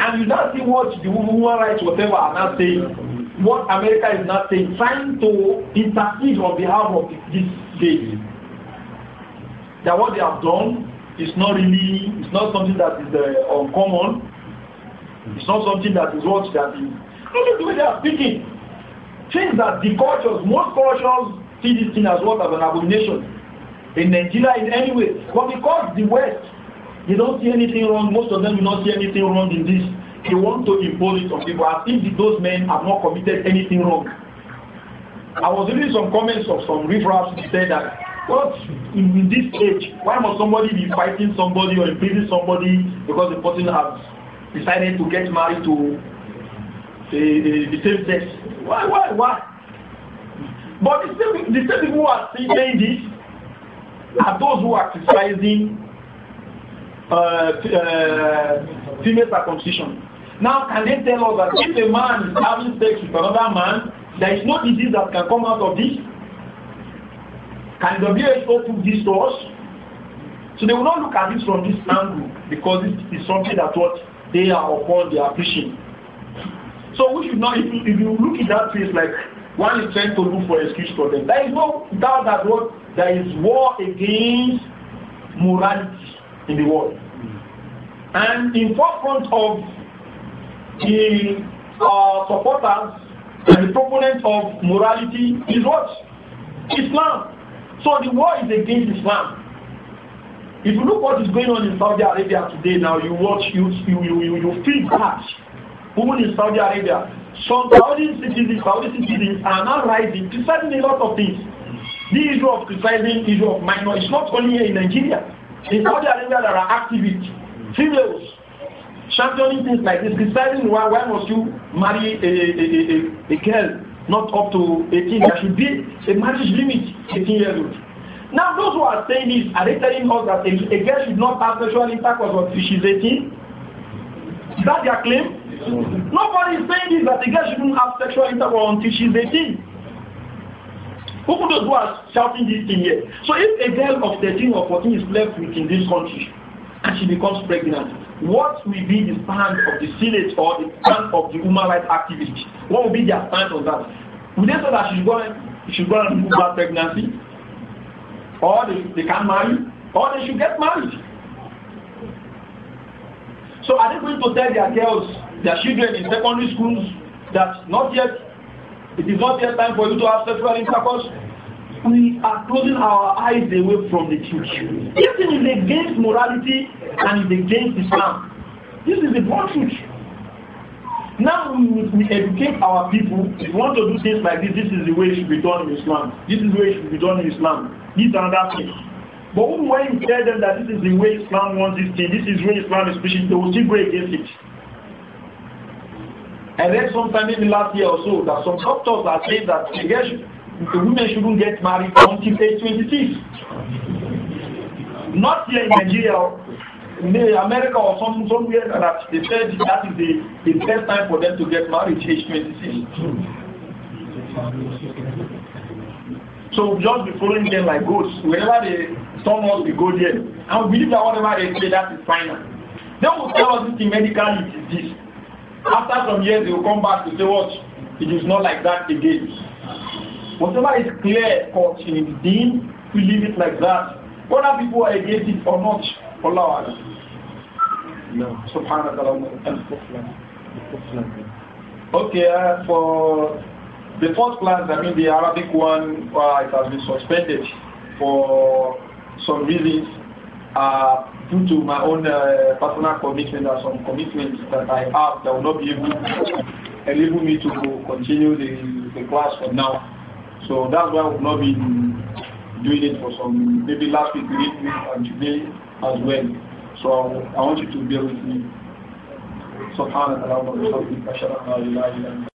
A: And you now see what the human rights, whatever, are now saying, what America is now saying, trying to intercede on behalf of this baby. That what they have done is not really, it's not something that is uh, uncommon. It's not something that is what they that is. Look at the way they are speaking. Things that the cultures, most cultures see this thing as what as an abomination. In Nigeria, in any way. But because the West they don't see anything wrong. Most of them do not see anything wrong in this. They want to impose it on people I think those men have not committed anything wrong. I was reading some comments of some riffraffs who said that what in this age, why must somebody be fighting somebody or imprisoning somebody because the person has decided to get married to the, the, the same sex? Why, why, why? But the same, the same people who are saying this are those who are criticizing uh, uh, female circumcision. Now, can they tell us that if a man is having sex with another man, there is no disease that can come out of this? Can WHO prove this to us? So they will not look at this from this angle because it is something that what they are upon, they are preaching. So we should not, if you, if you look in that place, like one is trying to look for excuse for them. There is no doubt that what there is war against morality in the world. And in forefront of the uh, supporters and the proponents of morality is what? Islam. So the war is against Islam. If you look what is going on in Saudi Arabia today now, you watch, you, you, you, you, feel that. Women in Saudi Arabia, some Saudi citizens, Saudi citizens are now rising, criticizing a lot of things. The issue of criticizing, issue of minor, it's not only here in Nigeria. In Saudi Arabia, there are activists, females, championing things like this, deciding why, why must you marry a, a, a, a, girl not up to 18? There should be a marriage limit, 18 years old. Now, those who are saying this, are they telling us that a, a girl should not have sexual intercourse until she's 18? Is that their claim? Nobody is saying this, that a girl shouldn't have sexual intercourse until she's 18. Even those who are shouting this thing here. So if a girl of 13 or 14 is left with in this country and she becomes pregnant, what will be the stand of the Senate or the stand of the human rights activists? What will be their stand on that? Would they say that she's going, she's going to remove that pregnancy? Or they, they can't marry? Or they should get married? So are they going to tell their girls, their children in secondary schools that not yet it is not yet time for you to have sexual intercourse. We are closing our eyes away from the church. This thing is against morality and is against Islam. This is the wrong truth. Now we, we educate our people. If you want to do things like this, this is the way it should be done in Islam. This is the way it should be done in Islam. This and that thing. But when you tell them that this is the way Islam wants this thing, this is the way Islam is preaching, they will still go against it. And then sometime maybe last year or so, that some doctors are saying that the, girl should, the women shouldn't get married until age 26. Not here in Nigeria, in America or some, somewhere that they said that is the, the best time for them to get married, age 26. So just be following them like goats. Wherever they turn us, we go there. And we believe that whatever they say, that is final. They will tell us this medically it is this. After some years, they will come back to say, what? It is not like that again. Whatever is clear caught in the deen, we leave it like that. Whether people are against it or not, Allah Allah. No. Subhanallah. Okay, uh, for the first plan, I mean the Arabic one, uh, it has been suspended for some reasons. Uh, due to my own uh, personal commitment or some commitments that I have that will not be able to enable me to continue the, the class for now. So that's why i have not been doing it for some, maybe last week, week, and today as well. So I, I want you to bear with me. So, اللهم